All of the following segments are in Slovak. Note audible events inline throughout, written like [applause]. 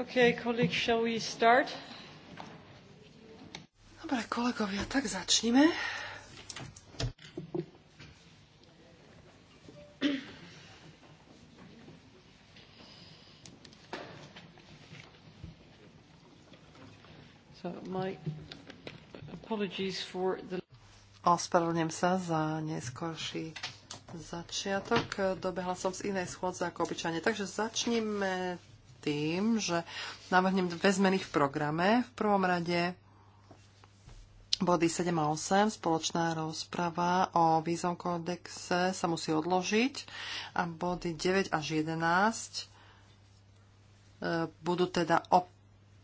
Okay, colleague, shall we start? Dobre, kolegovia, tak začnime. So my apologies for the... Ospravedlňujem sa za neskorší začiatok. Dobehla som z inej schôdze ako obyčajne. Takže začnime tým, že navrhnem dve zmeny v programe. V prvom rade Body 7 a 8, spoločná rozprava o vízom kódexe sa musí odložiť a body 9 až 11 e, budú teda o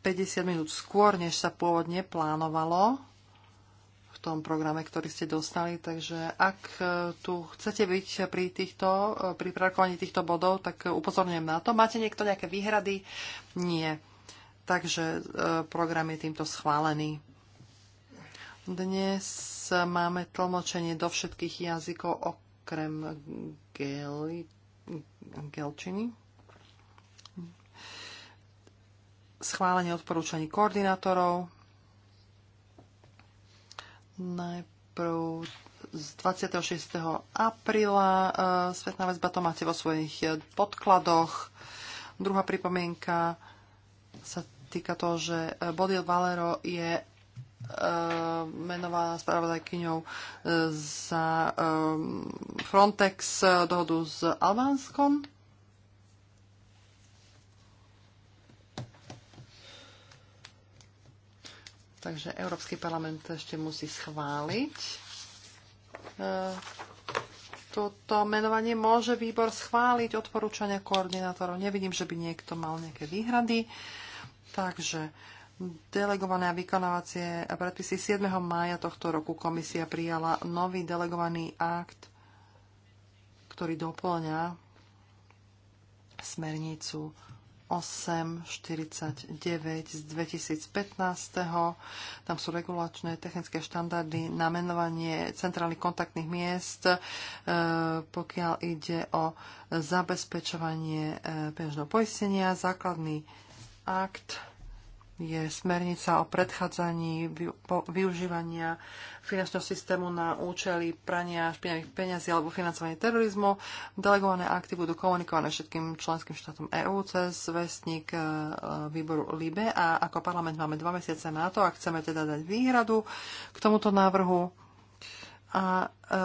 50 minút skôr, než sa pôvodne plánovalo tom programe, ktorý ste dostali. Takže ak e, tu chcete byť pri, týchto, e, pri prakovaní týchto bodov, tak upozorňujem na to. Máte niekto nejaké výhrady? Nie. Takže e, program je týmto schválený. Dnes máme tlmočenie do všetkých jazykov okrem geli, gelčiny. Schválenie odporúčaní koordinátorov. Najprv z 26. apríla e, Svetná väzba to máte vo svojich podkladoch. Druhá pripomienka sa týka toho, že Bodil Valero je e, menovaná spravodajkyňou e, za Frontex dohodu s Albánskom. Takže Európsky parlament ešte musí schváliť. E, toto menovanie môže výbor schváliť odporúčania koordinátorov. Nevidím, že by niekto mal nejaké výhrady. Takže delegované a vykonávacie predpisy 7. mája tohto roku komisia prijala nový delegovaný akt, ktorý doplňa smernicu 849 z 2015. Tam sú regulačné technické štandardy na menovanie centrálnych kontaktných miest, e, pokiaľ ide o zabezpečovanie e, peňažného poistenia, základný akt je smernica o predchádzaní využívania finančného systému na účely prania špinavých peňazí alebo financovanie terorizmu. Delegované akty budú komunikované všetkým členským štátom EÚ cez vestník e, výboru LIBE a ako parlament máme dva mesiace na to, a chceme teda dať výhradu k tomuto návrhu. A e,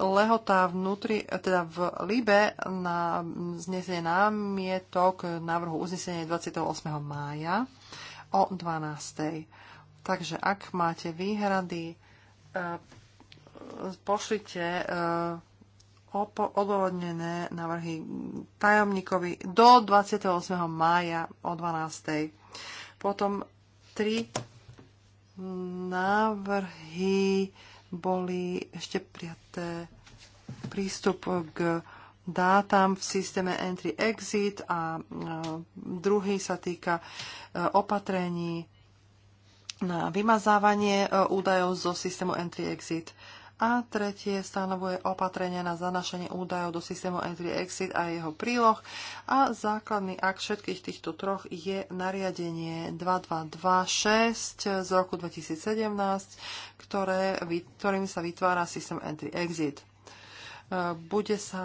lehota vnútri, teda v Libe na znesenie námietok návrhu uznesenia 28. mája o 12. Takže ak máte výhrady, eh, pošlite eh, odôvodnené návrhy tajomníkovi do 28. mája o 12. Potom tri návrhy boli ešte prijaté prístup k dátam v systéme entry-exit a druhý sa týka e, opatrení na vymazávanie e, údajov zo systému entry-exit. A tretie stanovuje opatrenia na zanašanie údajov do systému Entry Exit a jeho príloh. A základný akt všetkých týchto troch je nariadenie 2226 z roku 2017, ktoré, ktorým sa vytvára systém Entry Exit. E, bude sa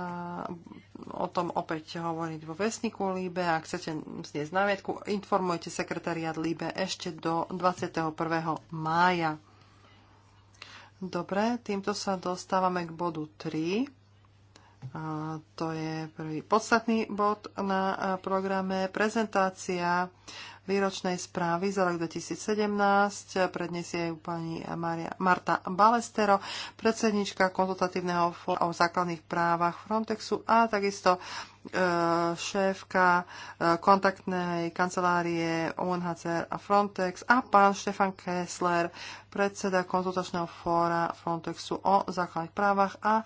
o tom opäť hovoriť vo vesniku Líbe. Ak chcete znieť námietku, informujte sekretariat Líbe ešte do 21. mája. Dobre, týmto sa dostávame k bodu 3. A to je prvý podstatný bod na programe prezentácia výročnej správy za rok 2017. Predniesie ju pani Maria, Marta Balestero, predsednička konzultatívneho fóra o základných právach Frontexu a takisto e, šéfka e, kontaktnej kancelárie UNHCR a Frontex a pán Štefan Kessler, predseda konzultačného fóra Frontexu o základných právach a e,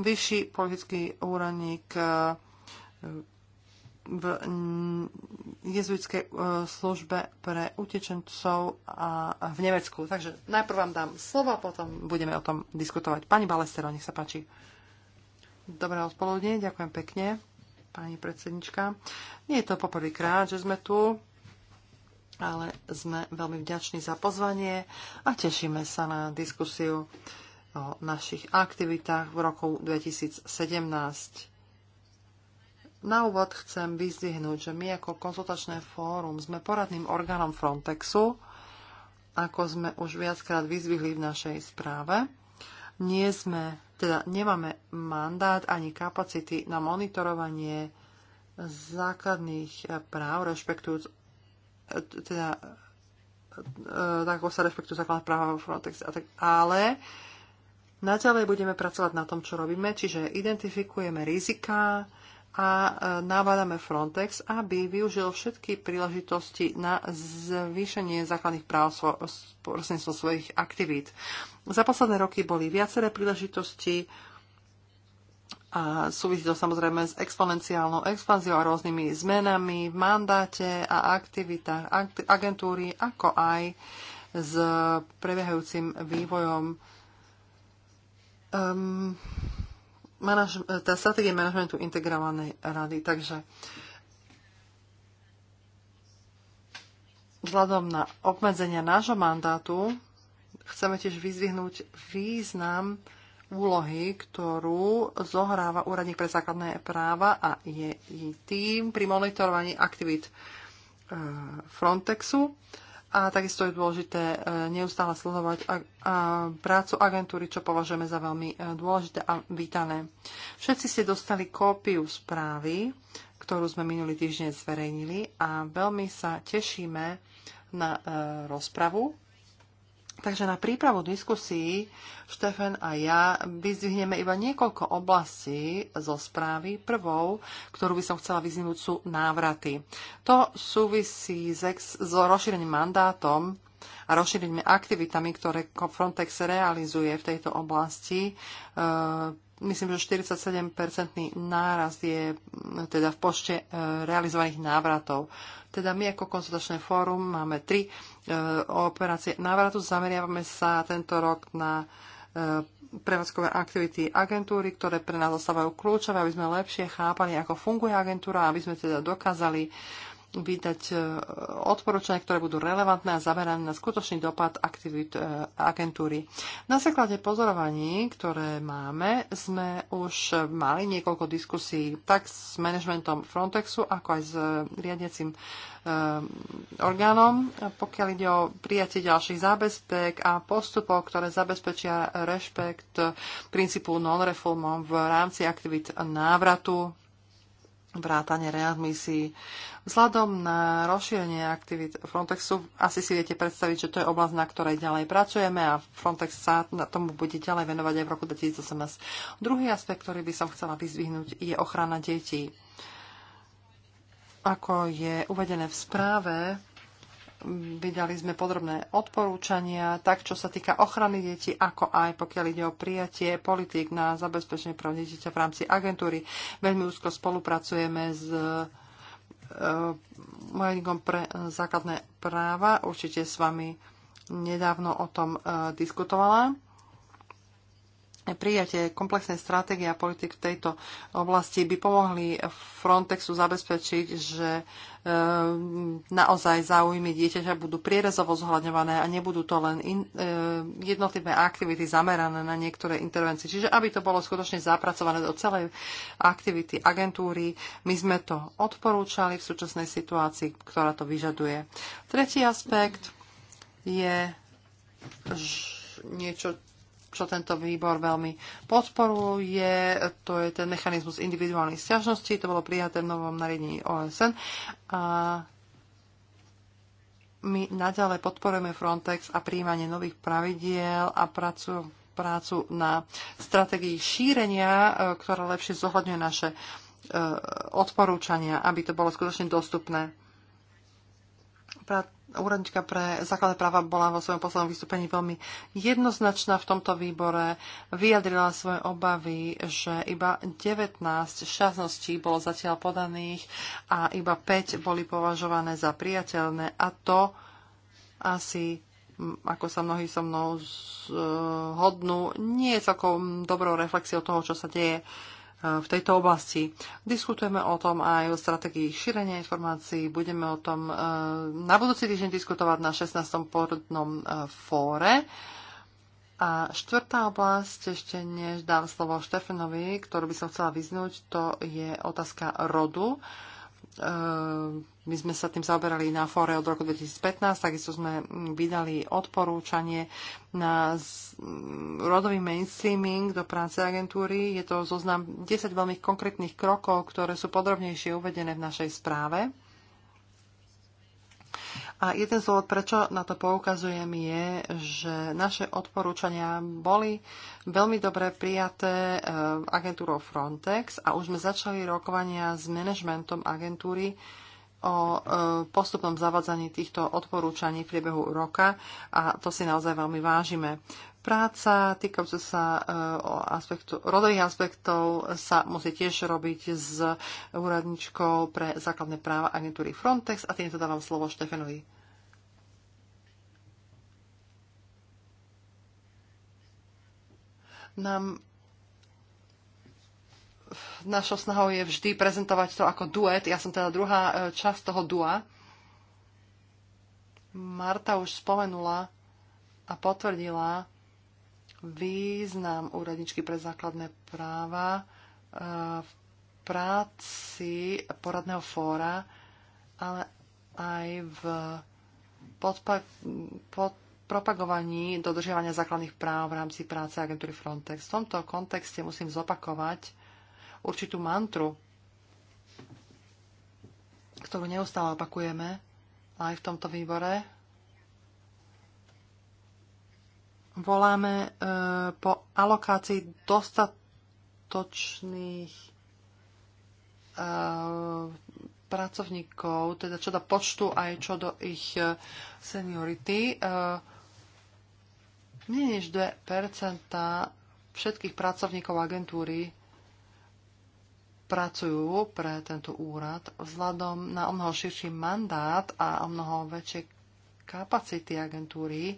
vyšší politický úradník v jezuitskej e, službe pre utečencov a v Nemecku. Takže najprv vám dám slovo, potom budeme o tom diskutovať. Pani Balestero, nech sa páči. Dobré odpoludne, ďakujem pekne, pani predsednička. Nie je to poprvýkrát, že sme tu, ale sme veľmi vďační za pozvanie a tešíme sa na diskusiu o našich aktivitách v roku 2017 na úvod chcem vyzdvihnúť, že my ako konzultačné fórum sme poradným orgánom Frontexu, ako sme už viackrát vyzvihli v našej správe. Nie sme, teda nemáme mandát ani kapacity na monitorovanie základných práv, rešpektujúc teda tak e, ako sa rešpektujú základné práva vo Frontex. ale naďalej budeme pracovať na tom, čo robíme, čiže identifikujeme rizika, a e, navádame Frontex, aby využil všetky príležitosti na zvýšenie základných práv prostredníctvom svojich aktivít. Za posledné roky boli viaceré príležitosti a súvisí to samozrejme s exponenciálnou expanziou a rôznymi zmenami v mandáte a aktivitách agentúry, ako aj s prebiehajúcim vývojom um, manaž, e, tá stratégia manažmentu integrovanej rady. Takže vzhľadom na obmedzenia nášho mandátu chceme tiež vyzvihnúť význam úlohy, ktorú zohráva úradník pre základné práva a je tým pri monitorovaní aktivít e, Frontexu a takisto je dôležité e, neustále sledovať prácu agentúry, čo považujeme za veľmi e, dôležité a vítané. Všetci ste dostali kópiu správy, ktorú sme minulý týždeň zverejnili a veľmi sa tešíme na e, rozpravu Takže na prípravu diskusí Štefen a ja vyzdvihneme iba niekoľko oblastí zo správy. Prvou, ktorú by som chcela vyzvinúť, sú návraty. To súvisí s, so rozšírením mandátom a rozšírenými aktivitami, ktoré Frontex realizuje v tejto oblasti. E myslím, že 47-percentný nárast je mm, teda v počte e, realizovaných návratov. Teda my ako konzultačné fórum máme tri e, operácie návratu. Zameriavame sa tento rok na e, prevádzkové aktivity agentúry, ktoré pre nás dostávajú kľúčové, aby sme lepšie chápali, ako funguje agentúra, aby sme teda dokázali vydať e, odporúčania, ktoré budú relevantné a zamerané na skutočný dopad aktivít e, agentúry. Na základe pozorovaní, ktoré máme, sme už mali niekoľko diskusí tak s manažmentom Frontexu, ako aj s riadiacim e, orgánom, pokiaľ ide o prijatie ďalších zábezpek a postupov, ktoré zabezpečia rešpekt princípu non-reformom v rámci aktivít návratu vrátane readmisií. Vzhľadom na rozšírenie aktivít Frontexu asi si viete predstaviť, že to je oblasť, na ktorej ďalej pracujeme a Frontex sa na tomu bude ďalej venovať aj v roku 2018. Druhý aspekt, ktorý by som chcela vyzvihnúť, je ochrana detí. Ako je uvedené v správe, Vydali sme podrobné odporúčania, tak čo sa týka ochrany detí, ako aj pokiaľ ide o prijatie politik na zabezpečenie práv dieťaťa v rámci agentúry. Veľmi úzko spolupracujeme s e, Mojeníkom pre základné práva. Určite s vami nedávno o tom e, diskutovala. Prijatie komplexnej stratégie a politik v tejto oblasti by pomohli Frontexu zabezpečiť, že ehm, naozaj záujmy dieťaťa budú prierezovo zohľadňované a nebudú to len in, ehm, jednotlivé aktivity zamerané na niektoré intervencie. Čiže aby to bolo skutočne zapracované do celej aktivity agentúry, my sme to odporúčali v súčasnej situácii, ktorá to vyžaduje. Tretí aspekt je niečo, čo tento výbor veľmi podporuje. To je ten mechanizmus individuálnej sťažnosti, to bolo prijaté v novom nariadení OSN. A my naďalej podporujeme Frontex a príjmanie nových pravidiel a prácu, prácu na stratégii šírenia, e, ktorá lepšie zohľadňuje naše e, odporúčania, aby to bolo skutočne dostupné úradnička pre základné práva bola vo svojom poslednom vystúpení veľmi jednoznačná v tomto výbore. Vyjadrila svoje obavy, že iba 19 šťastností bolo zatiaľ podaných a iba 5 boli považované za priateľné a to asi ako sa mnohí so mnou zhodnú, nie je celkom dobrou reflexiou toho, čo sa deje uh, v tejto oblasti. Diskutujeme o tom aj o strategii šírenia informácií. Budeme o tom e, na budúci týždeň diskutovať na 16. porodnom e, fóre. A štvrtá oblasť, ešte než dám slovo Štefanovi, ktorú by som chcela vyznúť, to je otázka rodu. Uh, Ehm, my sme sa tým zaoberali na fóre od roku 2015, takisto sme vydali odporúčanie na mm, rodový mainstreaming do práce agentúry. Je to zoznam 10 veľmi konkrétnych krokov, ktoré sú podrobnejšie uvedené v našej správe. A jeden z dôvod, prečo na to poukazujem, je, že naše odporúčania boli veľmi dobre prijaté eh, agentúrou Frontex a už sme začali rokovania s manažmentom agentúry o eh, postupnom zavadzaní týchto odporúčaní v priebehu roka a to si naozaj veľmi vážime. Práca týkajúca sa eh, aspektu, rodových aspektov sa musí tiež robiť s úradničkou pre základné práva agentúry Frontex a týmto dávam slovo Štefanovi. nám našou snahou je vždy prezentovať to ako duet. Ja som teda druhá e, časť toho dua. Marta už spomenula a potvrdila význam úradničky pre základné práva e, v práci poradného fóra, ale aj v podpa- pod propagovaní dodržiavania základných práv v rámci práce agentúry Frontex. V tomto kontexte musím zopakovať určitú mantru, ktorú neustále opakujeme aj v tomto výbore. Voláme e, po alokácii dostatočných e, pracovníkov, teda čo do počtu aj čo do ich e, seniority. E, menej než 2 všetkých pracovníkov agentúry pracujú pre tento úrad vzhľadom na o mnoho širší mandát a o mnoho väčšie kapacity agentúry.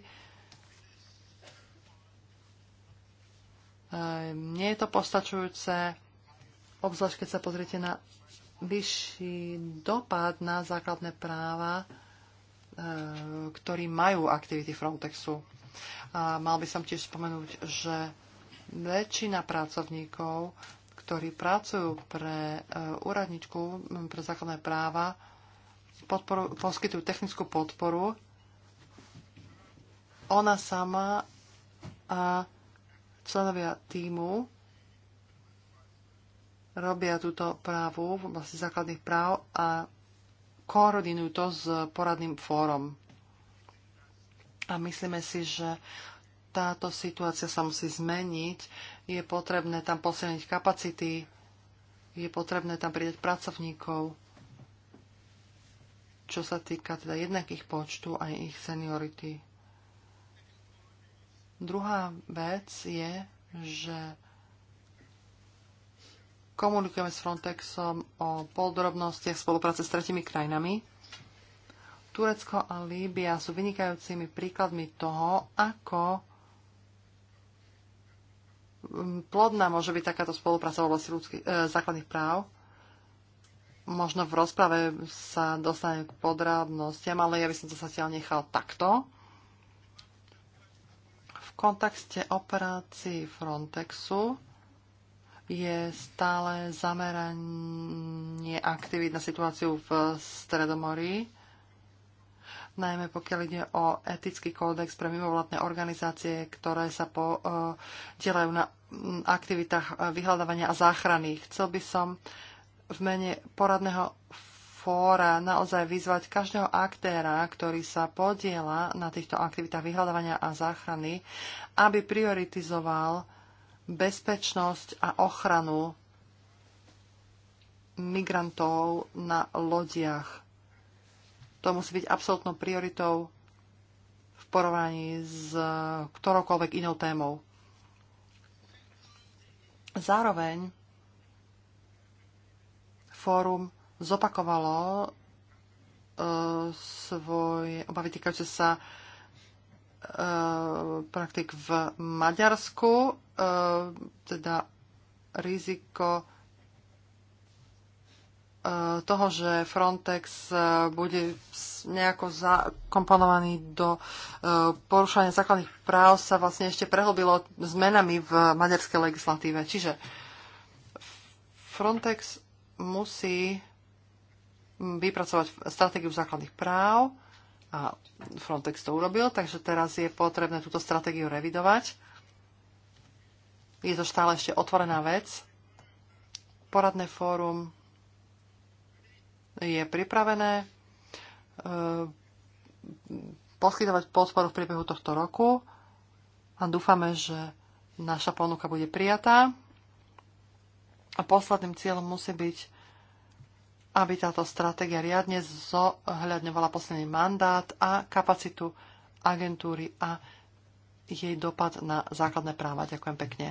Ehm, nie je to postačujúce, obzvlášť keď sa pozriete na vyšší dopad na základné práva, ehm, ktorý majú aktivity Frontexu. A mal by som tiež spomenúť, že väčšina pracovníkov, ktorí pracujú pre e, úradničku pre základné práva, podporu, poskytujú technickú podporu. Ona sama a členovia týmu robia túto právu v oblasti základných práv a koordinujú to s poradným fórom. A myslíme si, že táto situácia sa musí zmeniť. Je potrebné tam posilniť kapacity, je potrebné tam pridať pracovníkov, čo sa týka teda jednak ich počtu a ich seniority. Druhá vec je, že komunikujeme s Frontexom o podrobnostiach spolupráce s tretimi krajinami Turecko a Líbia sú vynikajúcimi príkladmi toho, ako mm, plodná môže byť takáto spolupráca v oblasti ľudských, e, základných práv. Možno v rozprave sa dostane k podrobnostiam, ale ja by som to zatiaľ nechal takto. V kontexte operácií Frontexu je stále zameranie aktivít na situáciu v Stredomorí najmä pokiaľ ide o etický kódex pre mimovládne organizácie, ktoré sa podielajú e, na aktivitách e, vyhľadávania a záchrany. Chcel by som v mene poradného fóra naozaj vyzvať každého aktéra, ktorý sa podiela na týchto aktivitách vyhľadávania a záchrany, aby prioritizoval bezpečnosť a ochranu migrantov na lodiach to musí byť absolútnou prioritou v porovnaní s ktoroukoľvek inou témou. Zároveň fórum zopakovalo e, svoje obavy týkajúce sa e, praktik v Maďarsku, e, teda riziko Eh, toho, že Frontex eh, bude nejako zakomponovaný do eh, porušovania základných práv, sa vlastne ešte prehlbilo zmenami v maďarskej legislatíve. Čiže Frontex musí mm, vypracovať stratégiu základných práv a Frontex to urobil, takže teraz je potrebné túto stratégiu revidovať. Je to stále ešte otvorená vec. Poradné fórum je pripravené e, poskytovať podporu v priebehu tohto roku a dúfame, že naša ponuka bude prijatá. A posledným cieľom musí byť, aby táto stratégia riadne zohľadňovala posledný mandát a kapacitu agentúry a jej dopad na základné práva. Ďakujem pekne.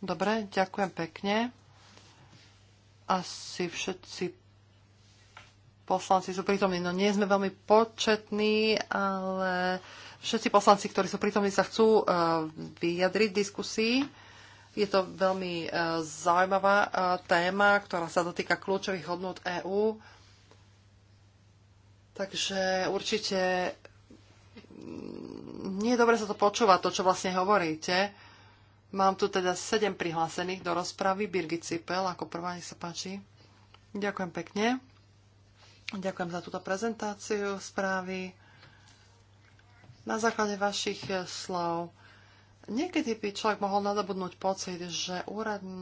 Dobre, ďakujem pekne. Asi všetci poslanci sú prítomní. No nie sme veľmi početní, ale všetci poslanci, ktorí sú prítomní, sa chcú e, vyjadriť v diskusii. Je to veľmi e, zaujímavá e, téma, ktorá sa dotýka kľúčových hodnot EÚ. Takže určite mm, nie je dobre sa to počúvať to, čo vlastne hovoríte. Mám tu teda sedem prihlásených do rozpravy. Birgit Cipel, ako prvá, nech sa páči. Ďakujem pekne. Ďakujem za túto prezentáciu správy. Na základe vašich slov niekedy by človek mohol nadobudnúť pocit, že úrad e,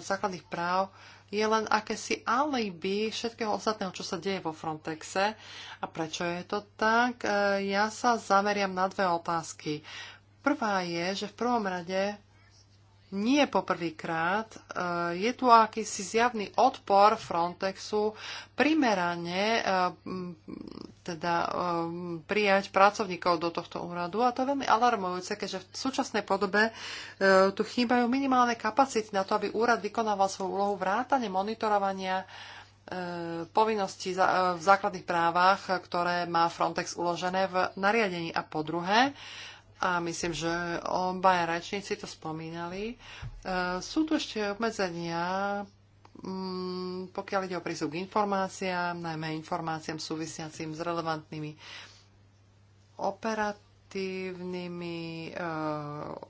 základných práv je len akési alibi všetkého ostatného, čo sa deje vo Frontexe. A prečo je to tak? E, ja sa zameriam na dve otázky. Prvá je, že v prvom rade nie poprvýkrát. E, je tu akýsi zjavný odpor Frontexu primerane e, teda e, prijať pracovníkov do tohto úradu a to je veľmi alarmujúce, keďže v súčasnej podobe tu chýbajú minimálne kapacity na to, aby úrad vykonával svoju úlohu vrátane monitorovania povinností v základných právach, ktoré má Frontex uložené v nariadení. A po druhé, a myslím, že oba rečníci to spomínali. E, sú tu ešte obmedzenia, mm, pokiaľ ide o prístup k informáciám, najmä informáciám súvisiacim s relevantnými operat- efektívnymi uh, e,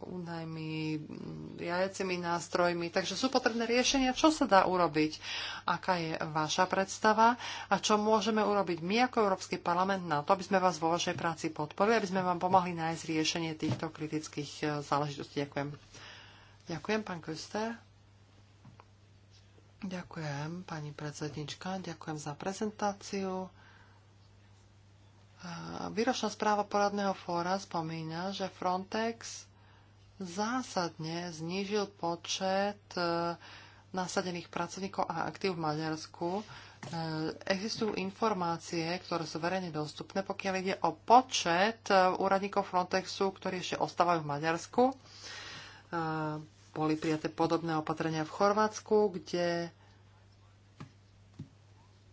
únajmi, nástrojmi. Takže sú potrebné riešenia, čo sa dá urobiť, aká je vaša predstava a čo môžeme urobiť my ako Európsky parlament na to, aby sme vás vo vašej práci podporili, aby sme vám pomohli nájsť riešenie týchto kritických uh, záležitostí. Ďakujem. Ďakujem, pán Köster. Ďakujem, pani predsednička. Ďakujem za prezentáciu. Výročná správa poradného fóra spomína, že Frontex zásadne znížil počet e, nasadených pracovníkov a aktív v Maďarsku. E, existujú informácie, ktoré sú verejne dostupné, pokiaľ ide o počet e, úradníkov Frontexu, ktorí ešte ostávajú v Maďarsku. Boli prijaté podobné opatrenia v Chorvátsku, kde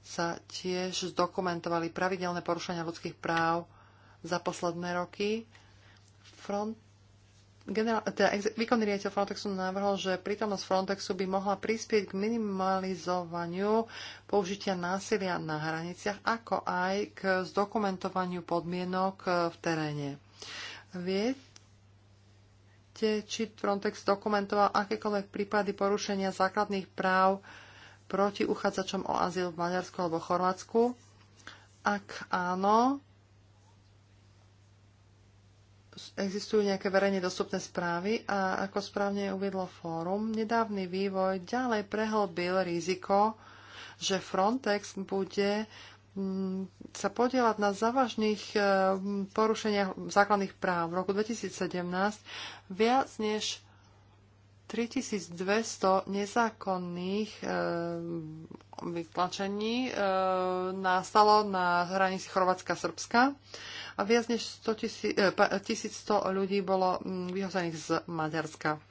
sa tiež zdokumentovali pravidelné porušenia ľudských práv za posledné roky. Front Generál, teda výkonný riaditeľ Frontexu navrhol, že prítomnosť Frontexu by mohla prispieť k minimalizovaniu použitia násilia na hraniciach, ako aj k zdokumentovaniu podmienok e, v teréne. Viete, či Frontex dokumentoval akékoľvek prípady porušenia základných práv proti uchádzačom o azyl v Maďarsku alebo Chorvátsku? Ak áno, existujú nejaké verejne dostupné správy a ako správne uviedlo fórum, nedávny vývoj ďalej prehlbil riziko, že Frontex bude mm, sa podielať na závažných eh, porušeniach základných práv. V roku 2017 viac než 3200 nezákonných e, vytlačení e, nastalo na hranici Chorvátska-Srbska a viac než 100 000, e, 1100 ľudí bolo mm, vyhozených z Maďarska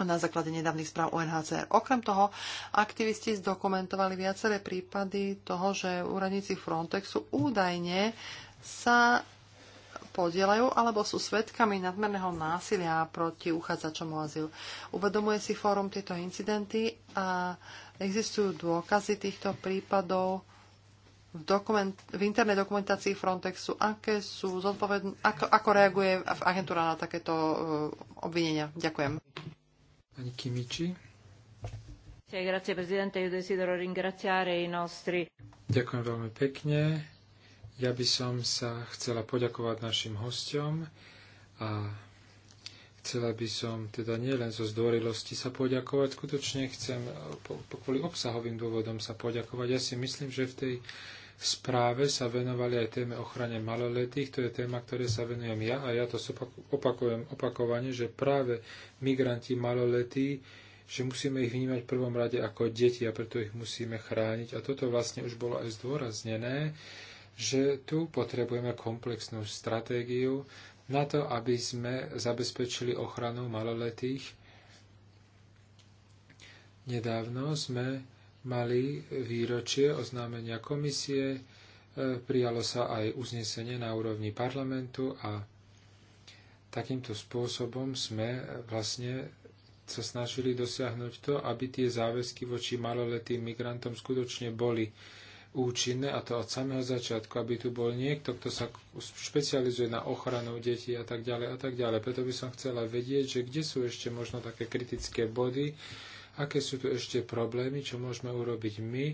na základe nedávnych správ UNHCR. Okrem toho, aktivisti zdokumentovali viaceré prípady toho, že úradníci Frontexu údajne sa podielajú alebo sú svetkami nadmerného násilia proti uchádzačom o azyl. Uvedomuje si fórum tieto incidenty a existujú dôkazy týchto prípadov v, dokument, v internej dokumentácii Frontexu, aké sú zodpovedn- ako, ako reaguje agentúra na takéto uh, obvinenia. Ďakujem. Pani Kimiči. Ďakujem veľmi pekne. Ja by som sa chcela poďakovať našim hostom a chcela by som teda nielen zo zdvorilosti sa poďakovať, skutočne chcem kvôli obsahovým dôvodom sa poďakovať. Ja si myslím, že v tej správe sa venovali aj téme ochrane maloletých. To je téma, ktoré sa venujem ja a ja to opakujem opakovane, že práve migranti maloletí že musíme ich vnímať v prvom rade ako deti a preto ich musíme chrániť. A toto vlastne už bolo aj zdôraznené že tu potrebujeme komplexnú stratégiu na to, aby sme zabezpečili ochranu maloletých. Nedávno sme mali výročie oznámenia komisie, e, prijalo sa aj uznesenie na úrovni parlamentu a takýmto spôsobom sme vlastne sa snažili dosiahnuť to, aby tie záväzky voči maloletým migrantom skutočne boli účinné, a to od samého začiatku, aby tu bol niekto, kto sa špecializuje na ochranu detí a tak ďalej a tak ďalej. Preto by som chcela vedieť, že kde sú ešte možno také kritické body, aké sú tu ešte problémy, čo môžeme urobiť my,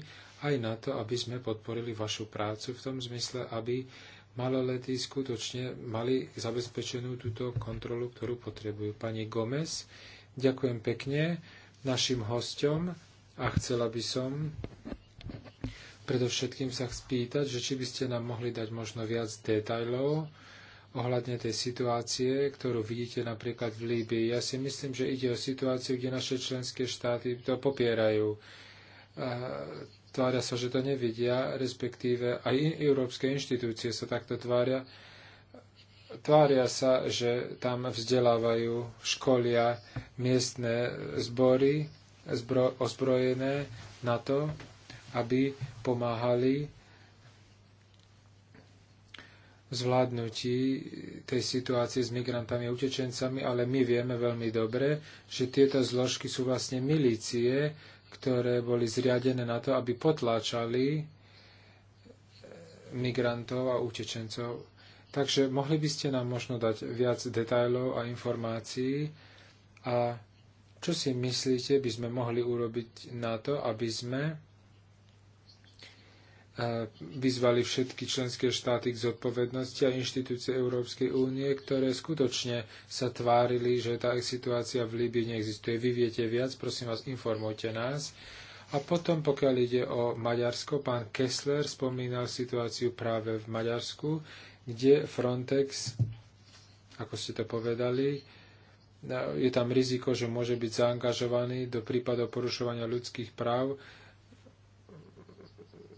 aj na to, aby sme podporili vašu prácu v tom zmysle, aby maloletí skutočne mali zabezpečenú túto kontrolu, ktorú potrebujú. Pani Gomez, ďakujem pekne našim hostom a chcela by som Predovšetkým sa spýtať, že či by ste nám mohli dať možno viac detajlov ohľadne tej situácie, ktorú vidíte napríklad v Líbii. Ja si myslím, že ide o situáciu, kde naše členské štáty to popierajú. Tvária sa, že to nevidia, respektíve aj európske inštitúcie sa takto tvária. Tvária sa, že tam vzdelávajú, školia miestne zbory, ozbrojené na to, aby pomáhali zvládnutí tej situácie s migrantami a utečencami, ale my vieme veľmi dobre, že tieto zložky sú vlastne milície, ktoré boli zriadené na to, aby potláčali eh, migrantov a utečencov. Takže mohli by ste nám možno dať viac detajlov a informácií a čo si myslíte, by sme mohli urobiť na to, aby sme vyzvali všetky členské štáty k zodpovednosti a inštitúcie Európskej únie, ktoré skutočne sa tvárili, že tá situácia v Líbii neexistuje. Vy viete viac, prosím vás, informujte nás. A potom, pokiaľ ide o Maďarsko, pán Kessler spomínal situáciu práve v Maďarsku, kde Frontex, ako ste to povedali, je tam riziko, že môže byť zaangažovaný do prípadov porušovania ľudských práv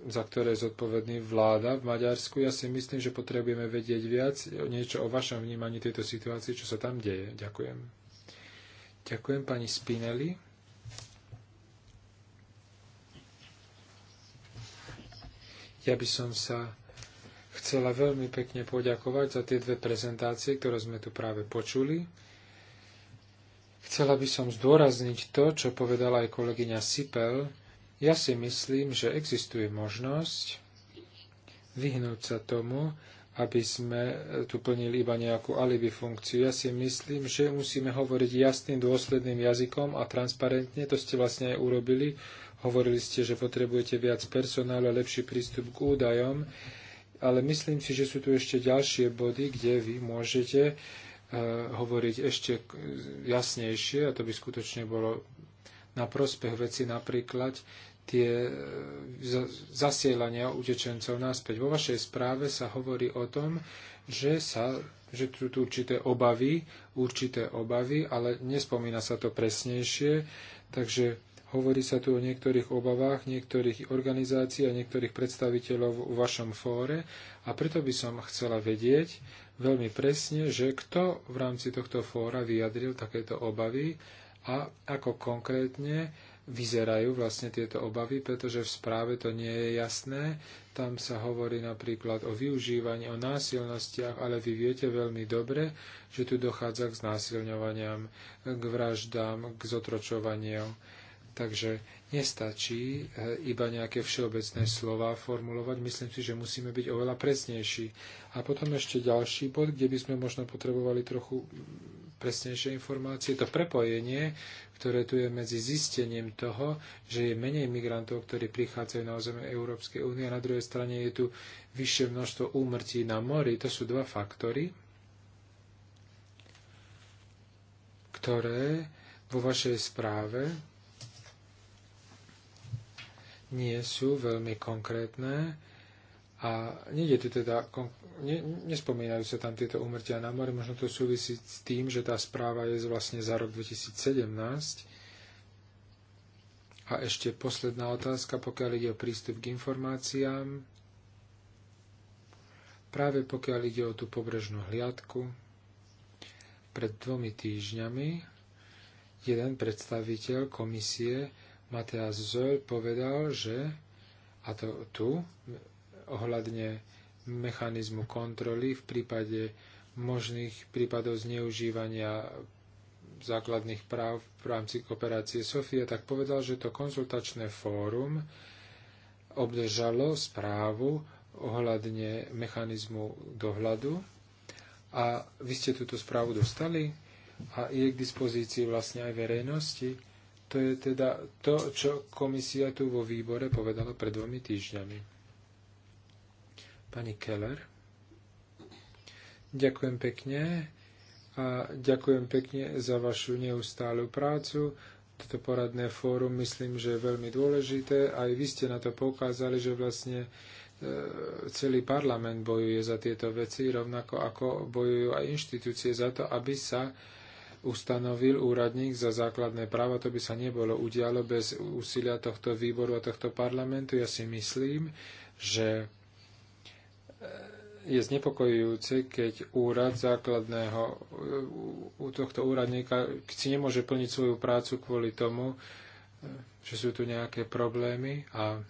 za ktoré je zodpovedný vláda v Maďarsku. Ja si myslím, že potrebujeme vedieť viac niečo o vašom vnímaní tejto situácie, čo sa tam deje. Ďakujem. Ďakujem pani Spinelli. Ja by som sa chcela veľmi pekne poďakovať za tie dve prezentácie, ktoré sme tu práve počuli. Chcela by som zdôrazniť to, čo povedala aj kolegyňa Sipel, ja si myslím, že existuje možnosť vyhnúť sa tomu, aby sme tu plnili iba nejakú alibi funkciu. Ja si myslím, že musíme hovoriť jasným, dôsledným jazykom a transparentne. To ste vlastne aj urobili. Hovorili ste, že potrebujete viac personálu a lepší prístup k údajom. Ale myslím si, že sú tu ešte ďalšie body, kde vy môžete eh, hovoriť ešte jasnejšie a to by skutočne bolo na prospech veci, napríklad tie e, zasielania utečencov náspäť. Vo vašej správe sa hovorí o tom, že, sa, že sú tu určité obavy, určité obavy, ale nespomína sa to presnejšie, takže hovorí sa tu o niektorých obavách, niektorých organizácií a niektorých predstaviteľov v vašom fóre a preto by som chcela vedieť veľmi presne, že kto v rámci tohto fóra vyjadril takéto obavy a ako konkrétne vyzerajú vlastne tieto obavy, pretože v správe to nie je jasné. Tam sa hovorí napríklad o využívaní, o násilnostiach, ale vy viete veľmi dobre, že tu dochádza k znásilňovaniam, k vraždám, k zotročovaniu. Takže nestačí e, iba nejaké všeobecné slova formulovať. Myslím si, že musíme byť oveľa presnejší. A potom ešte ďalší bod, kde by sme možno potrebovali trochu presnejšie informácie, to prepojenie, ktoré tu je medzi zistením toho, že je menej migrantov, ktorí prichádzajú na územie Európskej únie a na druhej strane je tu vyššie množstvo úmrtí na mori. To sú dva faktory, ktoré vo vašej správe nie sú veľmi konkrétne a nie tu teda, ne, nespomínajú sa tam tieto umrtia na mori, možno to súvisí s tým, že tá správa je vlastne za rok 2017. A ešte posledná otázka, pokiaľ ide o prístup k informáciám, práve pokiaľ ide o tú pobrežnú hliadku, pred dvomi týždňami jeden predstaviteľ komisie Mateas Zöl povedal, že, a to tu, ohľadne mechanizmu kontroly v prípade možných prípadov zneužívania základných práv v rámci operácie Sofia, tak povedal, že to konzultačné fórum obdržalo správu ohľadne mechanizmu dohľadu a vy ste túto správu dostali a je k dispozícii vlastne aj verejnosti. To je teda to, čo komisia tu vo výbore povedala pred dvomi týždňami. Pani Keller. Ďakujem pekne a ďakujem pekne za vašu neustálu prácu. Toto poradné fórum myslím, že je veľmi dôležité. Aj vy ste na to poukázali, že vlastne e, celý parlament bojuje za tieto veci, rovnako ako bojujú aj inštitúcie za to, aby sa ustanovil úradník za základné práva, to by sa nebolo udialo bez úsilia tohto výboru a tohto parlamentu. Ja si myslím, že e, je znepokojujúce, keď úrad základného, e, u tohto úradníka si nemôže plniť svoju prácu kvôli tomu, e, že sú tu nejaké problémy a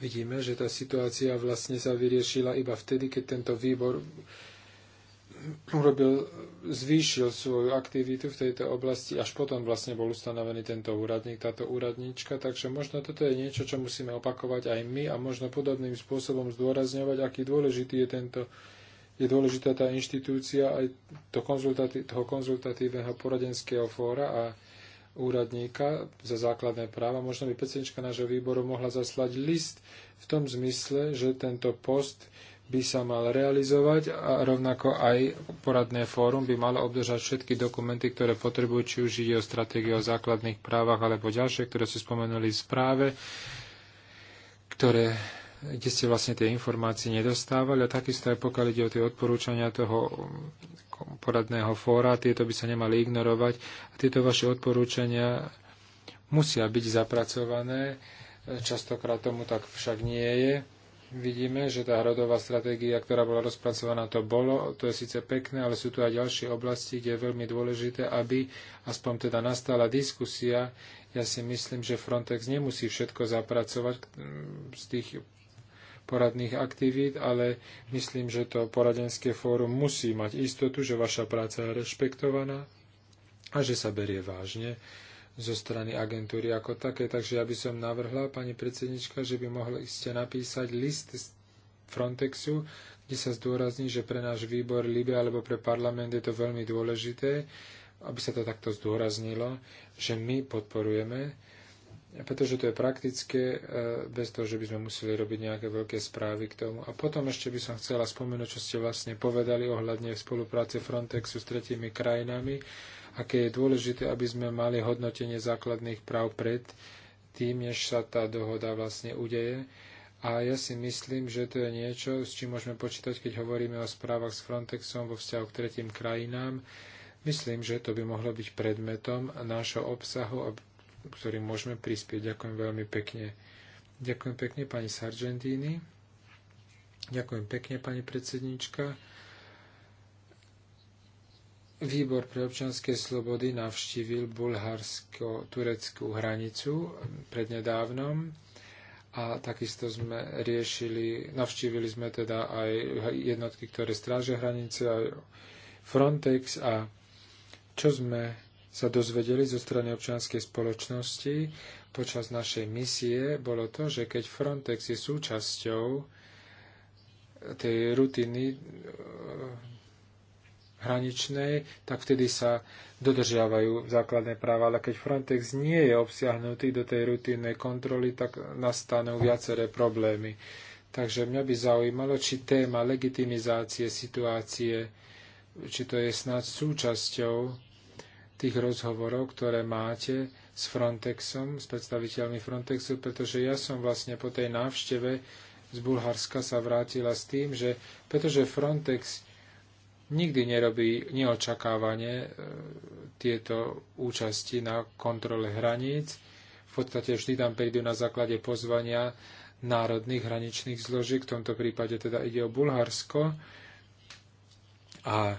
vidíme, že tá situácia vlastne sa vyriešila iba vtedy, keď tento výbor urobil, zvýšil svoju aktivitu v tejto oblasti, až potom vlastne bol ustanovený tento úradník, táto úradníčka, takže možno toto je niečo, čo musíme opakovať aj my a možno podobným spôsobom zdôrazňovať, aký dôležitý je tento je dôležitá tá inštitúcia aj to konzultatí, toho konzultatívneho poradenského fóra a úradníka za základné práva. Možno by predsednička nášho výboru mohla zaslať list v tom zmysle, že tento post by sa mal realizovať a rovnako aj poradné fórum by malo obdržať všetky dokumenty, ktoré potrebujú, či už ide o stratégiu o základných právach alebo ďalšie, ktoré ste spomenuli v správe, ktoré, kde ste vlastne tie informácie nedostávali a takisto aj pokiaľ ide o tie odporúčania toho poradného fóra, tieto by sa nemali ignorovať a tieto vaše odporúčania musia byť zapracované. Častokrát tomu tak však nie je vidíme, že tá hrodová stratégia, ktorá bola rozpracovaná, to bolo, to je síce pekné, ale sú tu aj ďalšie oblasti, kde je veľmi dôležité, aby aspoň teda nastala diskusia. Ja si myslím, že Frontex nemusí všetko zapracovať mm, z tých poradných aktivít, ale myslím, že to poradenské fórum musí mať istotu, že vaša práca je rešpektovaná a že sa berie vážne zo strany agentúry ako také. Takže ja by som navrhla, pani predsednička, že by mohli ste napísať list Frontexu, kde sa zdôrazní, že pre náš výbor LIBE alebo pre parlament je to veľmi dôležité, aby sa to takto zdôraznilo, že my podporujeme, pretože to je praktické, e, bez toho, že by sme museli robiť nejaké veľké správy k tomu. A potom ešte by som chcela spomenúť, čo ste vlastne povedali ohľadne spolupráce Frontexu s tretími krajinami aké je dôležité, aby sme mali hodnotenie základných práv pred tým, než sa tá dohoda vlastne udeje. A ja si myslím, že to je niečo, s čím môžeme počítať, keď hovoríme o správach s Frontexom vo vzťahu k tretím krajinám. Myslím, že to by mohlo byť predmetom nášho obsahu, ktorým môžeme prispieť. Ďakujem veľmi pekne. Ďakujem pekne pani Sargentini. Ďakujem pekne pani predsednička. Výbor pre občanské slobody navštívil bulharsko-tureckú hranicu prednedávnom a takisto sme riešili, navštívili sme teda aj jednotky, ktoré strážia hranice, aj Frontex a čo sme sa dozvedeli zo strany občianskej spoločnosti počas našej misie, bolo to, že keď Frontex je súčasťou tej rutiny hraničnej, tak vtedy sa dodržiavajú základné práva. Ale keď Frontex nie je obsiahnutý do tej rutinnej kontroly, tak nastanú viaceré problémy. Takže mňa by zaujímalo, či téma legitimizácie situácie, či to je snad súčasťou tých rozhovorov, ktoré máte s Frontexom, s predstaviteľmi Frontexu, pretože ja som vlastne po tej návšteve z Bulharska sa vrátila s tým, že pretože Frontex nikdy nerobí neočakávanie e, tieto účasti na kontrole hraníc. V podstate vždy tam prídu na základe pozvania národných hraničných zložiek, v tomto prípade teda ide o Bulharsko. A e,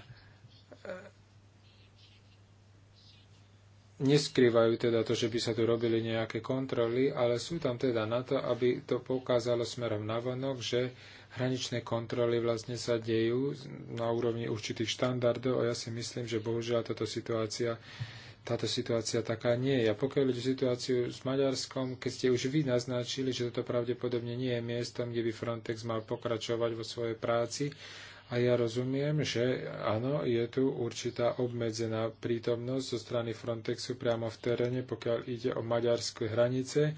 neskrývajú teda to, že by sa tu robili nejaké kontroly, ale sú tam teda na to, aby to poukázalo smerom vonok, že hraničné kontroly vlastne sa dejú na úrovni určitých štandardov a ja si myslím, že bohužiaľ táto situácia, táto situácia taká nie je. A pokiaľ ide situáciu s Maďarskom, keď ste už vy naznačili, že toto pravdepodobne nie je miestom, kde by Frontex mal pokračovať vo svojej práci, a ja rozumiem, že áno, je tu určitá obmedzená prítomnosť zo strany Frontexu priamo v teréne, pokiaľ ide o maďarské hranice,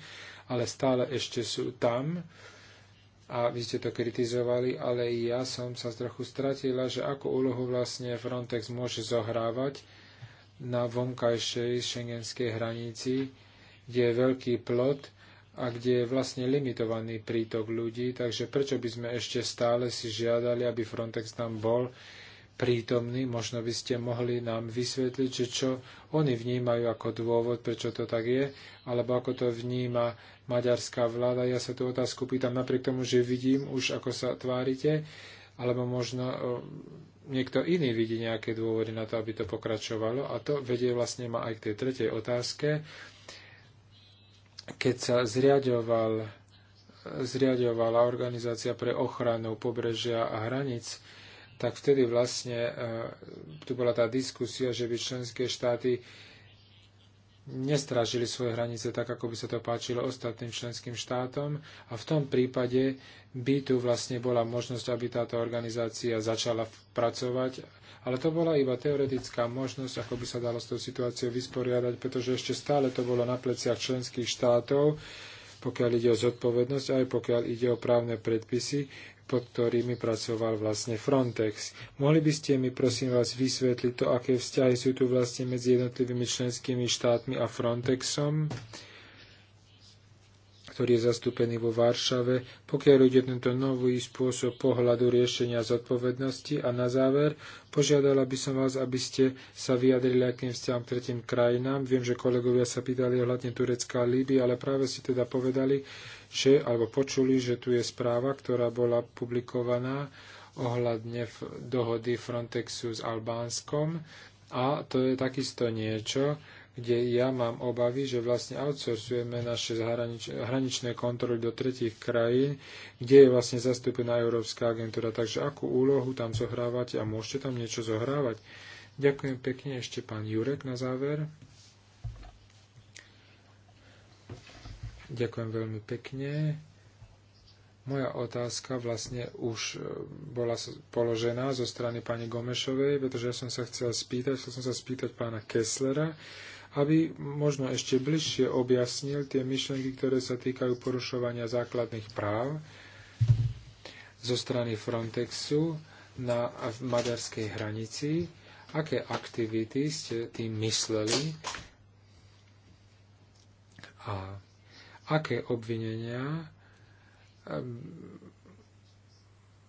ale stále ešte sú tam a vy ste to kritizovali, ale i ja som sa trochu stratila, že ako úlohu vlastne Frontex môže zohrávať na vonkajšej šengenskej hranici, kde je veľký plot a kde je vlastne limitovaný prítok ľudí, takže prečo by sme ešte stále si žiadali, aby Frontex tam bol, prítomní, možno by ste mohli nám vysvetliť, že čo oni vnímajú ako dôvod, prečo to tak je, alebo ako to vníma maďarská vláda. Ja sa tú otázku pýtam napriek tomu, že vidím už, ako sa tvárite, alebo možno e, niekto iný vidí nejaké dôvody na to, aby to pokračovalo. A to vedie vlastne ma aj k tej tretej otázke. Keď sa zriadoval, zriadovala Organizácia pre ochranu pobrežia a hranic, tak vtedy vlastne e, tu bola tá diskusia, že by členské štáty nestražili svoje hranice tak, ako by sa to páčilo ostatným členským štátom a v tom prípade by tu vlastne bola možnosť, aby táto organizácia začala pracovať, ale to bola iba teoretická možnosť, ako by sa dalo s tou situáciou vysporiadať, pretože ešte stále to bolo na pleciach členských štátov, pokiaľ ide o zodpovednosť, aj pokiaľ ide o právne predpisy, pod ktorými pracoval vlastne Frontex. Mohli by ste mi prosím vás vysvetliť to, aké vzťahy sú tu vlastne medzi jednotlivými členskými štátmi a Frontexom, ktorý je zastúpený vo Varšave, pokiaľ ide tento nový spôsob pohľadu riešenia zodpovednosti. A na záver, požiadala by som vás, aby ste sa vyjadrili aj tým vzťahom k tretím krajinám. Viem, že kolegovia sa pýtali ohľadne Turecka a Líby, ale práve ste teda povedali, že, alebo počuli, že tu je správa, ktorá bola publikovaná ohľadne dohody Frontexu s Albánskom. A to je takisto niečo, kde ja mám obavy, že vlastne outsourcujeme naše zahranič- hraničné kontroly do tretich krajín, kde je vlastne zastúpená Európska agentúra. Takže akú úlohu tam zohrávate a môžete tam niečo zohrávať? Ďakujem pekne ešte pán Jurek na záver. Ďakujem veľmi pekne. Moja otázka vlastne už e, bola položená zo strany pani Gomešovej, pretože ja som sa chcel spýtať, chcel som sa spýtať pána Kesslera, aby možno ešte bližšie objasnil tie myšlenky, ktoré sa týkajú porušovania základných práv zo strany Frontexu na maďarskej hranici. Aké aktivity ste tým mysleli? A aké obvinenia ehm,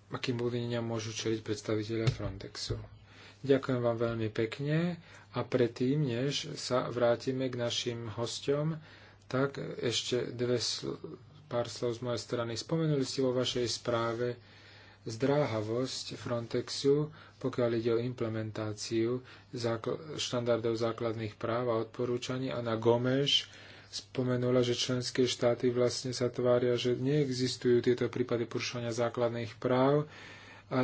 akým obvineniam môžu čeliť predstaviteľia Frontexu. Ďakujem vám veľmi pekne a predtým, než sa vrátime k našim hostom, tak ešte dve sl- pár slov z mojej strany. Spomenuli ste vo vašej správe zdráhavosť Frontexu, pokiaľ ide o implementáciu zákl- štandardov základných práv a odporúčaní a na Gomeš spomenula, že členské štáty vlastne sa tvária, že neexistujú tieto prípady porušovania základných práv a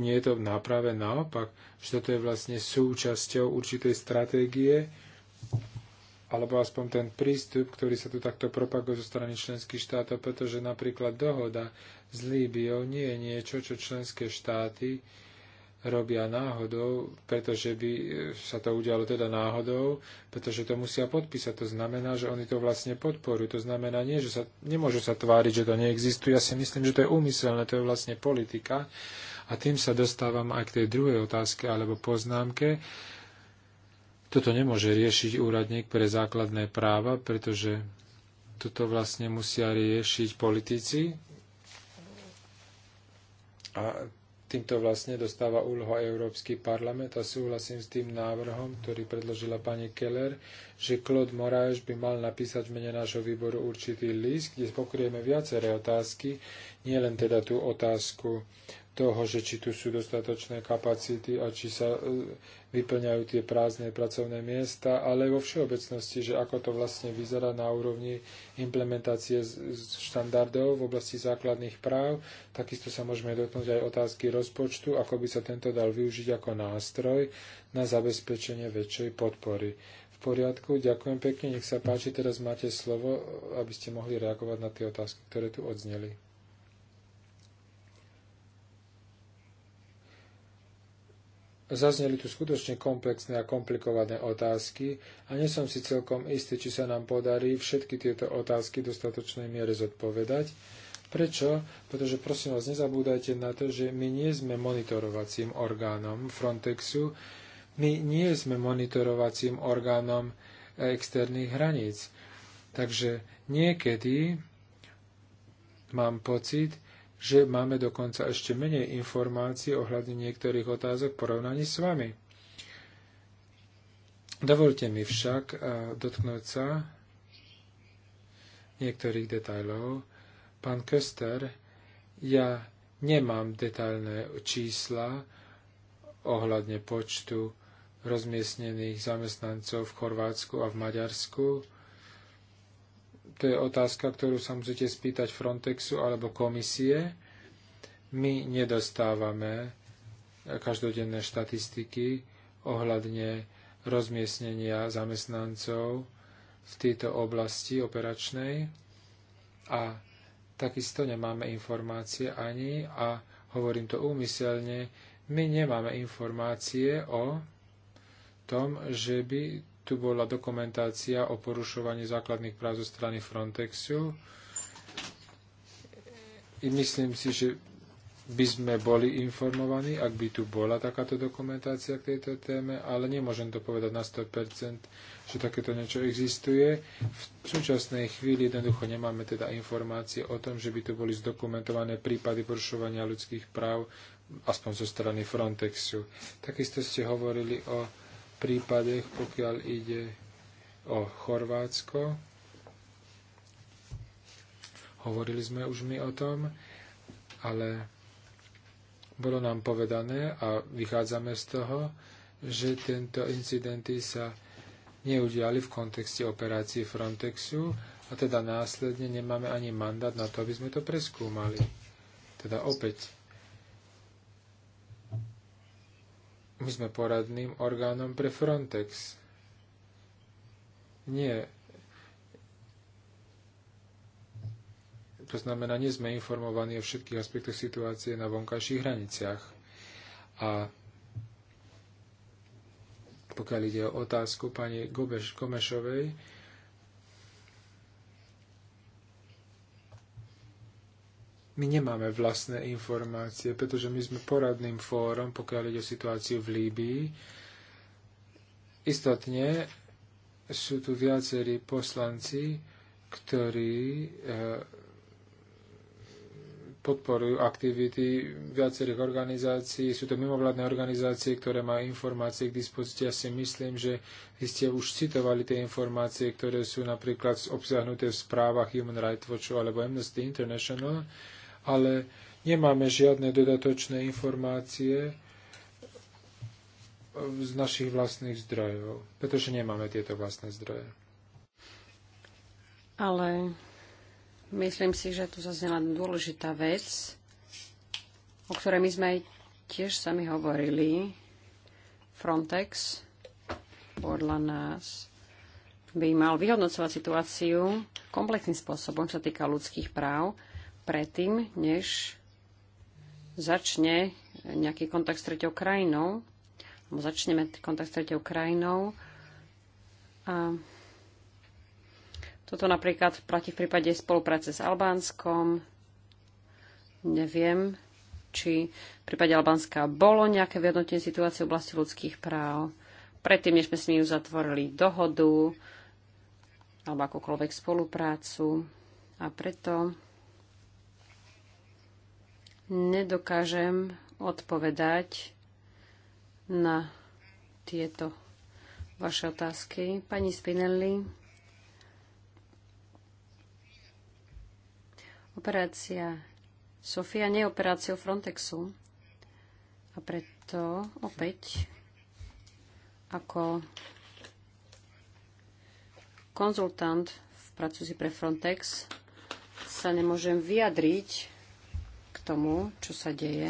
nie je to náprave naopak, že toto je vlastne súčasťou určitej stratégie alebo aspoň ten prístup, ktorý sa tu takto propaguje zo strany členských štátov, pretože napríklad dohoda s Líbiou nie je niečo, čo členské štáty robia náhodou, pretože by e, sa to udialo teda náhodou, pretože to musia podpísať. To znamená, že oni to vlastne podporujú. To znamená, nie, že sa, nemôžu sa tváriť, že to neexistuje. Ja si myslím, že to je úmyselné, to je vlastne politika. A tým sa dostávam aj k tej druhej otázke alebo poznámke. Toto nemôže riešiť úradník pre základné práva, pretože toto vlastne musia riešiť politici. A Týmto vlastne dostáva úloha Európsky parlament a súhlasím s tým návrhom, ktorý predložila pani Keller, že Claude Moraes by mal napísať v mene nášho výboru určitý list, kde pokrieme viaceré otázky, nielen teda tú otázku toho, že či tu sú dostatočné kapacity a či sa e, vyplňajú tie prázdne pracovné miesta, ale vo všeobecnosti, že ako to vlastne vyzerá na úrovni implementácie štandardov v oblasti základných práv, takisto sa môžeme dotknúť aj otázky rozpočtu, ako by sa tento dal využiť ako nástroj na zabezpečenie väčšej podpory. V poriadku, ďakujem pekne, nech sa páči, teraz máte slovo, aby ste mohli reagovať na tie otázky, ktoré tu odzneli. zazneli tu skutočne komplexné a komplikované otázky a nie som si celkom istý, či sa nám podarí všetky tieto otázky v dostatočnej miere zodpovedať. Prečo? Pretože prosím vás, nezabúdajte na to, že my nie sme monitorovacím orgánom Frontexu, my nie sme monitorovacím orgánom externých hraníc. Takže niekedy mám pocit, že máme dokonca ešte menej informácií ohľadne niektorých otázok v porovnaní s vami. Dovolte mi však eh, dotknúť sa niektorých detajlov. Pán Köster, ja nemám detailné čísla ohľadne počtu rozmiestnených zamestnancov v Chorvátsku a v Maďarsku to je otázka, ktorú sa musíte spýtať Frontexu alebo komisie. My nedostávame každodenné štatistiky ohľadne rozmiestnenia zamestnancov v tejto oblasti operačnej a takisto nemáme informácie ani a hovorím to úmyselne, my nemáme informácie o tom, že by tu bola dokumentácia o porušovaní základných práv zo strany Frontexu. I myslím si, že by sme boli informovaní, ak by tu bola takáto dokumentácia k tejto téme, ale nemôžem to povedať na 100%, že takéto niečo existuje. V súčasnej chvíli jednoducho nemáme teda informácie o tom, že by tu boli zdokumentované prípady porušovania ľudských práv, aspoň zo strany Frontexu. Takisto ste hovorili o prípadech, pokiaľ ide o Chorvátsko. Hovorili sme už my o tom, ale bolo nám povedané a vychádzame z toho, že tento incidenty sa neudiali v kontexte operácií Frontexu a teda následne nemáme ani mandát na to, aby sme to preskúmali. Teda opäť My sme poradným orgánom pre Frontex. Nie. To znamená, nie sme informovaní o všetkých aspektoch situácie na vonkajších hraniciach. A pokiaľ ide o otázku pani Gobeš, my nemáme vlastné informácie, pretože my sme poradným fórom, pokiaľ ide o situáciu v Líbii. Istotne sú tu viacerí poslanci, ktorí eh, podporujú aktivity viacerých organizácií. Sú to mimovládne organizácie, ktoré majú informácie k dispozícii. Ja si myslím, že vy ste už citovali tie informácie, ktoré sú napríklad obsiahnuté v správach Human Rights Watch alebo Amnesty International. Uh, ale nemáme žiadne dodatočné informácie z našich vlastných zdrojov, pretože nemáme tieto vlastné zdroje. Ale myslím si, že tu zaznela dôležitá vec, o ktorej my sme tiež sami hovorili. Frontex podľa nás by mal vyhodnocovať situáciu komplexným spôsobom, čo sa týka ľudských práv predtým, než začne nejaký kontakt s tretou krajinou, alebo začneme kontakt s tretou krajinou. A toto napríklad platí v prípade spolupráce s Albánskom. Neviem, či v prípade Albánska bolo nejaké vyhodnotenie situácie v oblasti ľudských práv. Predtým, než sme s nimi uzatvorili dohodu alebo akúkoľvek spoluprácu. A preto nedokážem odpovedať na tieto vaše otázky. Pani Spinelli, operácia Sofia nie je operáciou Frontexu a preto opäť ako konzultant v pracuji pre Frontex sa nemôžem vyjadriť tomu, čo sa deje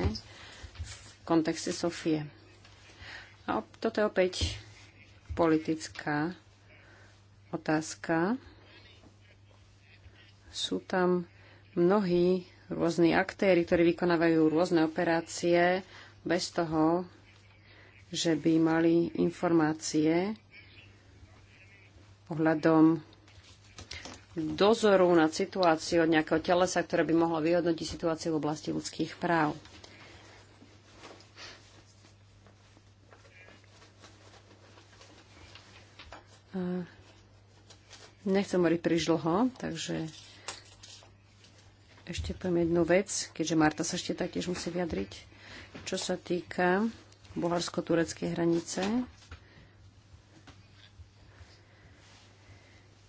v kontexte Sofie. A toto je opäť politická otázka. Sú tam mnohí rôzni aktéry, ktorí vykonávajú rôzne operácie bez toho, že by mali informácie ohľadom dozoru nad situáciou od nejakého telesa, ktoré by mohlo vyhodnotiť situáciu v oblasti ľudských práv. Nechcem hovoriť príliš dlho, takže ešte poviem jednu vec, keďže Marta sa ešte taktiež musí vyjadriť, čo sa týka bulharsko-tureckej hranice.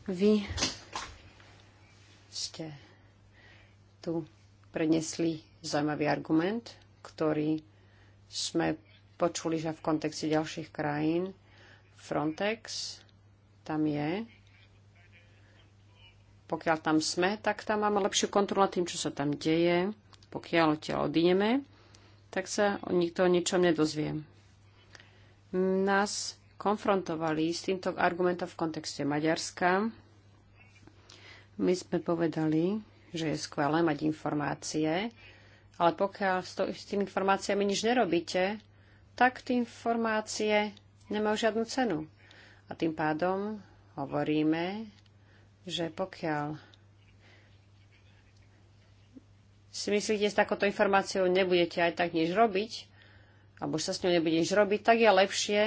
Vy ste tu prednesli zaujímavý argument, ktorý sme počuli, že v kontexte ďalších krajín Frontex tam je. Pokiaľ tam sme, tak tam máme lepšiu kontrolu nad tým, čo sa tam deje. Pokiaľ ťa odineme, tak sa nikto o ničom nedozvie. Nás konfrontovali s týmto argumentom v kontexte Maďarska, my sme povedali, že je skvelé mať informácie, ale pokiaľ s, to, s tými informáciami nič nerobíte, tak tie informácie nemajú žiadnu cenu. A tým pádom hovoríme, že pokiaľ si myslíte, že s takouto informáciou nebudete aj tak nič robiť, alebo sa s ňou nebudete nič robiť, tak je lepšie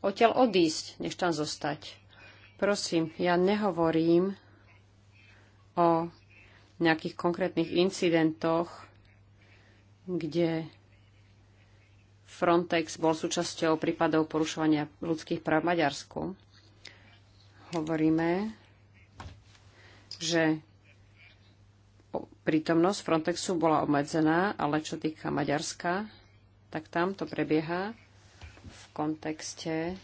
odtiaľ odísť, než tam zostať. Prosím, ja nehovorím, o nejakých konkrétnych incidentoch, kde Frontex bol súčasťou prípadov porušovania ľudských práv v Maďarsku. Hovoríme, že prítomnosť Frontexu bola obmedzená, ale čo týka Maďarska, tak tam to prebieha v kontexte,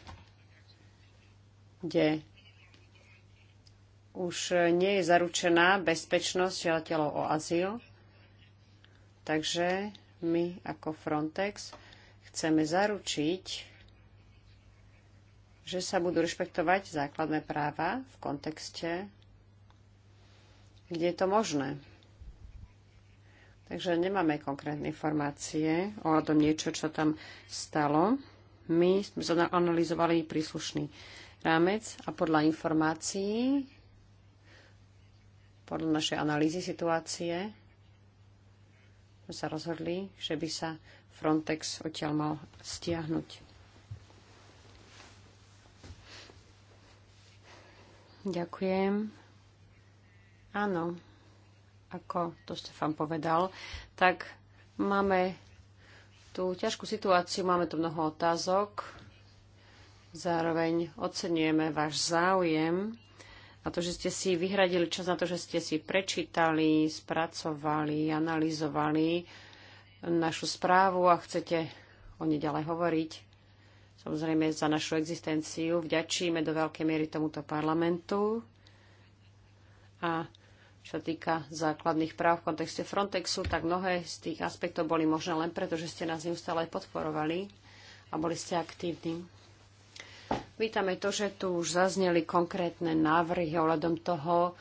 kde už nie je zaručená bezpečnosť žiadateľov o azyl. Takže my ako Frontex chceme zaručiť, že sa budú rešpektovať základné práva v kontexte, kde je to možné. Takže nemáme konkrétne informácie o tom niečo, čo tam stalo. My sme analyzovali príslušný rámec a podľa informácií podľa našej analýzy situácie sme sa rozhodli, že by sa Frontex odtiaľ mal stiahnuť. Ďakujem. Áno, ako to Stefan povedal, tak máme tú ťažkú situáciu, máme tu mnoho otázok. Zároveň ocenujeme váš záujem na to, že ste si vyhradili čas na to, že ste si prečítali, spracovali, analyzovali našu správu a chcete o nej ďalej hovoriť. Samozrejme, za našu existenciu vďačíme do veľkej miery tomuto parlamentu. A čo sa týka základných práv v kontexte Frontexu, tak mnohé z tých aspektov boli možné len preto, že ste nás neustále podporovali a boli ste aktívni. Vítame to, že tu už zazneli konkrétne návrhy ohľadom toho,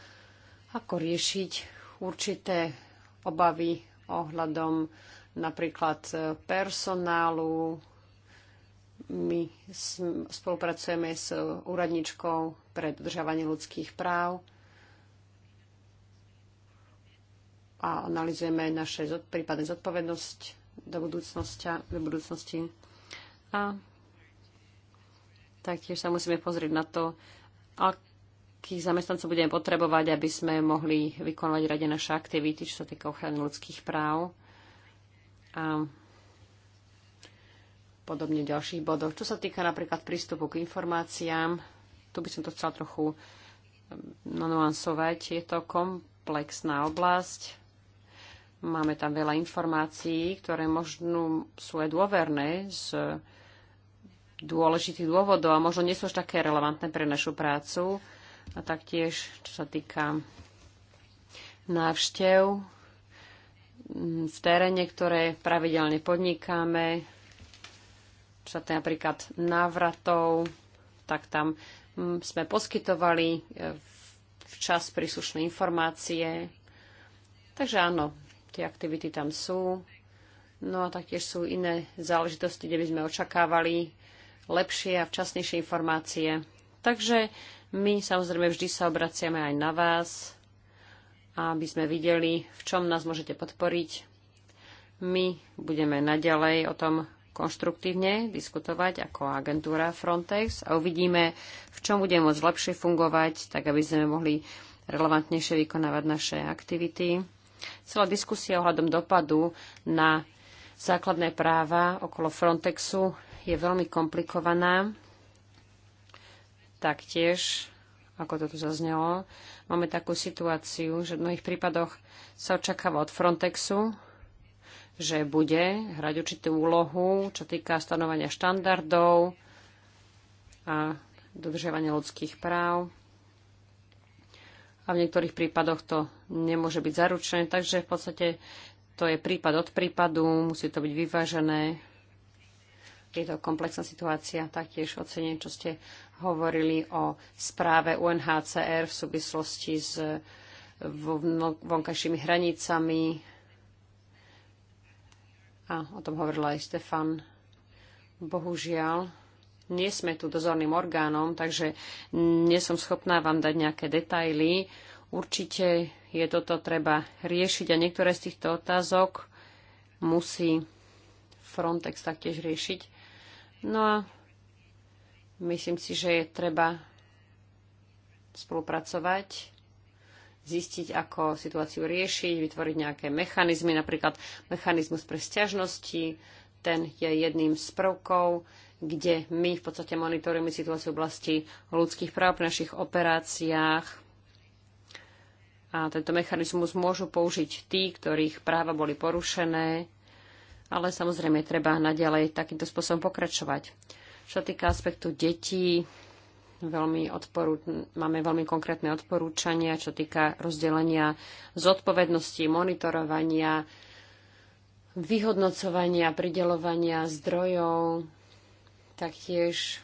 ako riešiť určité obavy ohľadom napríklad personálu. My spolupracujeme s úradničkou pre dodržiavanie ľudských práv a analizujeme naše prípadne zodpovednosť do, budúcnosti, do budúcnosti. A Taktiež sa musíme pozrieť na to, akých zamestnancov budeme potrebovať, aby sme mohli vykonovať rade naše aktivity, čo sa týka ochrany ľudských práv a podobne v ďalších bodoch. Čo sa týka napríklad prístupu k informáciám, tu by som to chcela trochu um, nanuansovať. Je to komplexná oblasť. Máme tam veľa informácií, ktoré možno sú aj dôverné z dôležitých dôvodov a možno nie sú až také relevantné pre našu prácu. A taktiež, čo sa týka návštev mm, v teréne, ktoré pravidelne podnikáme, čo sa týka napríklad návratov, tak tam mm, sme poskytovali e, včas príslušné informácie. Takže áno, tie aktivity tam sú. No a taktiež sú iné záležitosti, kde by sme očakávali lepšie a včasnejšie informácie. Takže my samozrejme vždy sa obraciame aj na vás, aby sme videli, v čom nás môžete podporiť. My budeme naďalej o tom konštruktívne diskutovať ako agentúra Frontex a uvidíme, v čom bude môcť lepšie fungovať, tak aby sme mohli relevantnejšie vykonávať naše aktivity. Celá diskusia ohľadom dopadu na základné práva okolo Frontexu je veľmi komplikovaná. Taktiež, ako to tu zaznelo, máme takú situáciu, že v mnohých prípadoch sa očakáva od Frontexu, že bude hrať určitú úlohu, čo týka stanovania štandardov a dodržiavania ľudských práv. A v niektorých prípadoch to nemôže byť zaručené, takže v podstate to je prípad od prípadu, musí to byť vyvážené je to komplexná situácia. Taktiež ocením, čo ste hovorili o správe UNHCR v súvislosti s vonkajšími hranicami. A o tom hovorila aj Stefan. Bohužiaľ, nie sme tu dozorným orgánom, takže nie som schopná vám dať nejaké detaily. Určite je toto treba riešiť a niektoré z týchto otázok musí Frontex taktiež riešiť. No a myslím si, že je treba spolupracovať, zistiť, ako situáciu riešiť, vytvoriť nejaké mechanizmy, napríklad mechanizmus pre stiažnosti, ten je jedným z prvkov, kde my v podstate monitorujeme situáciu v oblasti ľudských práv pri našich operáciách. A tento mechanizmus môžu použiť tí, ktorých práva boli porušené ale samozrejme treba naďalej takýmto spôsobom pokračovať. Čo týka aspektu detí, veľmi odporu, máme veľmi konkrétne odporúčania, čo týka rozdelenia zodpovednosti, monitorovania, vyhodnocovania, pridelovania zdrojov. Taktiež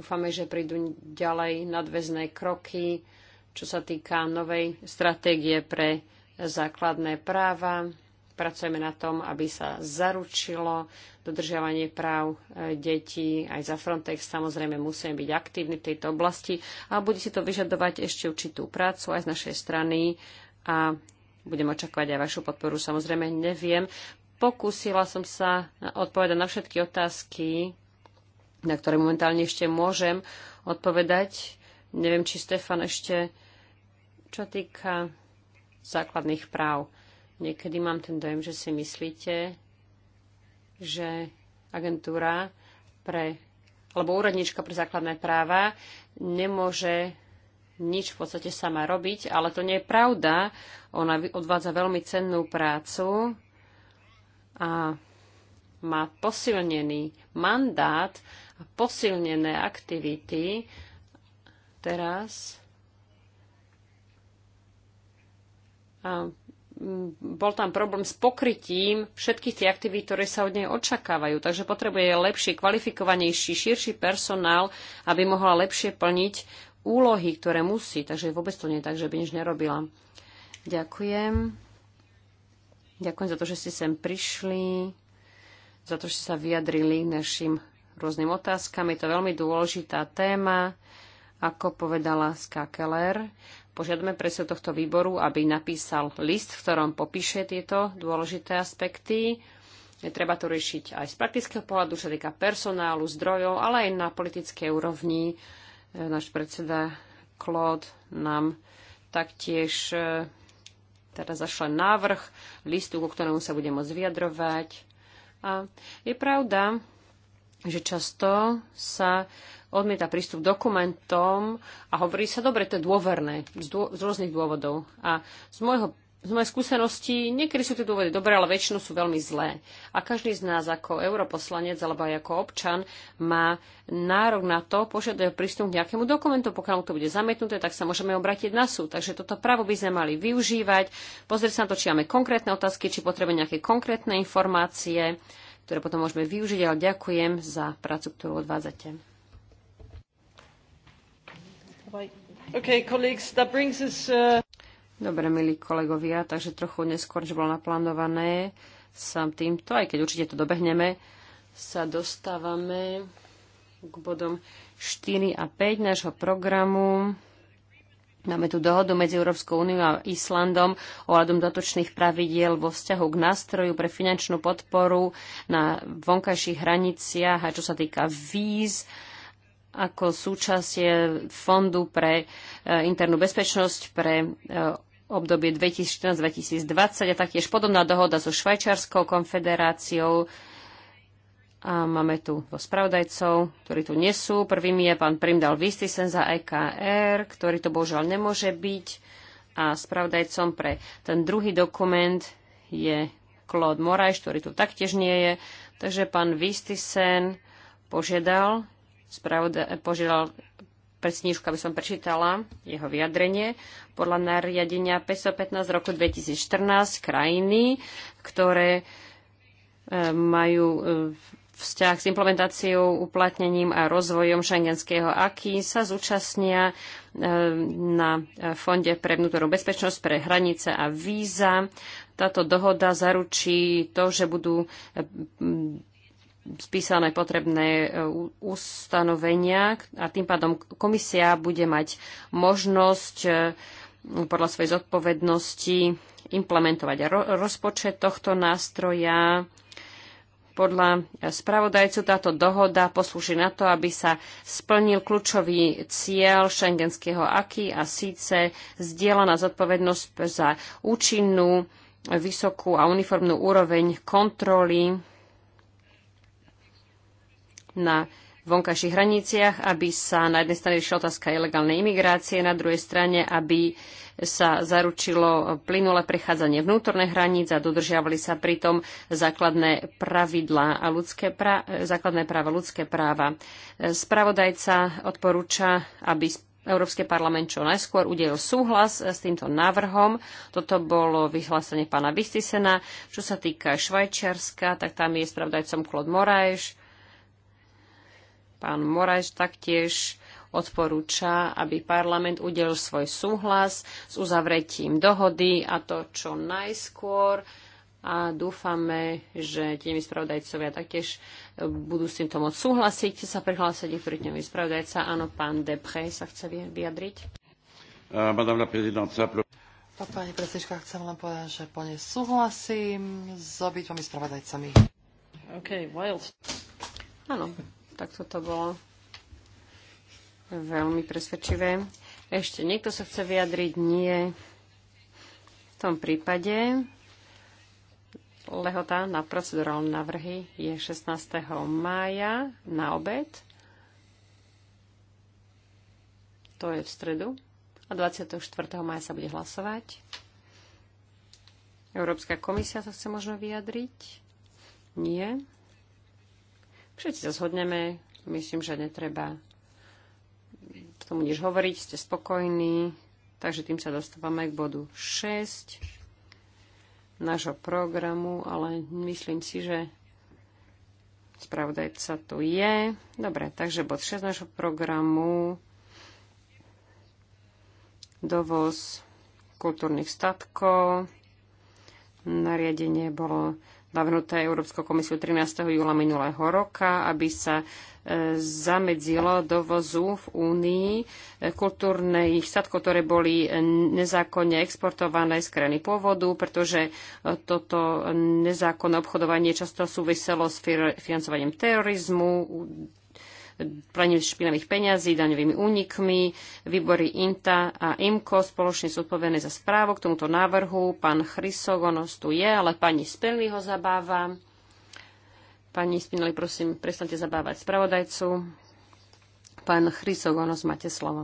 dúfame, že prídu ďalej nadväzné kroky, čo sa týka novej stratégie pre základné práva. Pracujeme na tom, aby sa zaručilo dodržiavanie práv e, detí. Aj za Frontex samozrejme musíme byť aktívni v tejto oblasti a bude si to vyžadovať ešte určitú prácu aj z našej strany a budem očakávať aj vašu podporu. Samozrejme neviem. Pokúsila som sa odpovedať na všetky otázky, na ktoré momentálne ešte môžem odpovedať. Neviem, či Stefan ešte čo týka základných práv. Niekedy mám ten dojem, že si myslíte, že agentúra pre, alebo úradnička pre základné práva nemôže nič v podstate sama robiť, ale to nie je pravda. Ona odvádza veľmi cennú prácu a má posilnený mandát a posilnené aktivity. Teraz a bol tam problém s pokrytím všetkých tých aktivít, ktoré sa od nej očakávajú. Takže potrebuje lepší, kvalifikovanejší, širší personál, aby mohla lepšie plniť úlohy, ktoré musí. Takže vôbec to nie je tak, že by nič nerobila. Ďakujem. Ďakujem za to, že ste sem prišli, za to, že ste sa vyjadrili našim rôznym otázkam. Je to veľmi dôležitá téma. Ako povedala Skakeler, požiadame predsedu tohto výboru, aby napísal list, v ktorom popíše tieto dôležité aspekty. Je treba to riešiť aj z praktického pohľadu, čo týka personálu, zdrojov, ale aj na politickej úrovni. E, náš predseda Claude nám taktiež e, teda zašle návrh listu, ku ktorému sa bude môcť vyjadrovať. A je pravda, že často sa odmieta prístup k dokumentom a hovorí sa, dobre, to je dôverné z, dô, z rôznych dôvodov. A z, môjho, z mojej skúsenosti niekedy sú tie dôvody dobré, ale väčšinou sú veľmi zlé. A každý z nás ako europoslanec alebo aj ako občan má nárok na to, požiadať prístup k nejakému dokumentu. Pokiaľ to bude zamietnuté, tak sa môžeme obrátiť na súd. Takže toto právo by sme mali využívať, pozrieť sa na to, či máme konkrétne otázky, či potrebujeme nejaké konkrétne informácie ktoré potom môžeme využiť, ale ďakujem za prácu, ktorú odvádzate. Uh, Dobre, milí kolegovia, takže trochu neskôr, že bolo naplánované, sa týmto, aj keď určite to dobehneme, sa dostávame k bodom 4 a 5 nášho programu. Máme tu dohodu medzi Európskou úniou a Islandom o hľadom dotočných pravidiel vo vzťahu k nástroju pre finančnú podporu na vonkajších hraniciach a čo sa týka víz ako súčasť Fondu pre e, internú bezpečnosť pre e, obdobie 2014-2020 a taktiež podobná dohoda so Švajčiarskou konfederáciou. A máme tu spravodajcov, ktorí tu nie sú. Prvým je pán Primdal Vistisen za EKR, ktorý to bohužiaľ nemôže byť. A spravodajcom pre ten druhý dokument je Claude Moraj, ktorý tu taktiež nie je. Takže pán Vistisen požiadal Eh, požiadal presnížku, aby som prečítala jeho vyjadrenie. Podľa nariadenia 515 roku 2014 krajiny, ktoré eh, majú eh, vzťah s implementáciou, uplatnením a rozvojom šengenského aký sa zúčastnia na Fonde pre vnútornú bezpečnosť, pre hranice a víza. Táto dohoda zaručí to, že budú spísané potrebné e, ustanovenia a tým pádom komisia bude mať možnosť e, podľa svojej zodpovednosti implementovať rozpočet tohto nástroja. Podľa spravodajcu táto dohoda poslúži na to, aby sa splnil kľúčový cieľ šengenského aky a síce zdieľaná zodpovednosť za účinnú, vysokú a uniformnú úroveň kontroly na vonkajších hraniciach, aby sa na jednej strane riešila otázka ilegálnej imigrácie, na druhej strane, aby sa zaručilo plynulé prechádzanie vnútorných hraníc a dodržiavali sa pritom základné pravidlá a ľudské pra- základné práva, ľudské práva. Spravodajca odporúča, aby Európsky parlament čo najskôr udelil súhlas s týmto návrhom. Toto bolo vyhlásenie pána Bistisena. Čo sa týka Švajčiarska, tak tam je spravodajcom Claude Moraes Pán Moraes taktiež odporúča, aby parlament udelil svoj súhlas s uzavretím dohody a to čo najskôr a dúfame, že tými spravodajcovia taktiež e, budú s týmto môcť súhlasiť. Chce sa prihlásiť niektorý tými spravodajca. Áno, pán Depre sa chce vyjadriť. Pani predsednička, chcem len povedať, že plne súhlasím s obidvomi spravodajcami. OK, Áno, tak toto bolo veľmi presvedčivé. Ešte niekto sa chce vyjadriť? Nie. V tom prípade lehota na procedurálne návrhy je 16. mája na obed. To je v stredu. A 24. maja sa bude hlasovať. Európska komisia sa chce možno vyjadriť? Nie. Všetci sa zhodneme, myslím, že netreba k tomu nič hovoriť, ste spokojní, takže tým sa dostávame k bodu 6 nášho programu, ale myslím si, že spravodajca tu je. Dobre, takže bod 6 nášho programu dovoz kultúrnych statkov. Nariadenie bolo navrhnuté Európskou komisiou 13. júla minulého roka, aby sa e, zamedzilo dovozu v Únii e, kultúrnych statkov, ktoré boli e, nezákonne exportované z krajiny pôvodu, pretože toto nezákonné obchodovanie často súviselo s financovaním terorizmu, praním špinavých peňazí, daňovými únikmi. Výbory INTA a IMCO spoločne sú odpovedné za správu k tomuto návrhu. Pán Chrysogonos tu je, ale pani Spinelli ho zabáva. Pani Spinelli, prosím, prestante zabávať spravodajcu. Pán Chrysogonos, máte slovo.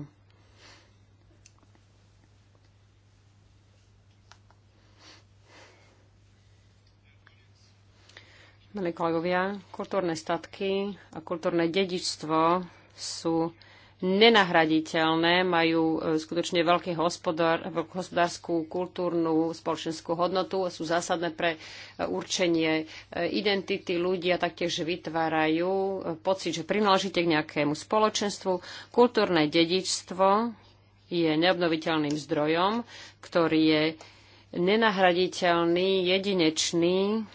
Milí kolegovia, kultúrne statky a kultúrne dedičstvo sú nenahraditeľné, majú e, skutočne veľký hospodár, hospodárskú, kultúrnu, spoločenskú hodnotu, a sú zásadné pre e, určenie e, identity ľudí a taktiež vytvárajú pocit, že prináležite k nejakému spoločenstvu. Kultúrne dedičstvo je neobnoviteľným zdrojom, ktorý je nenahraditeľný, jedinečný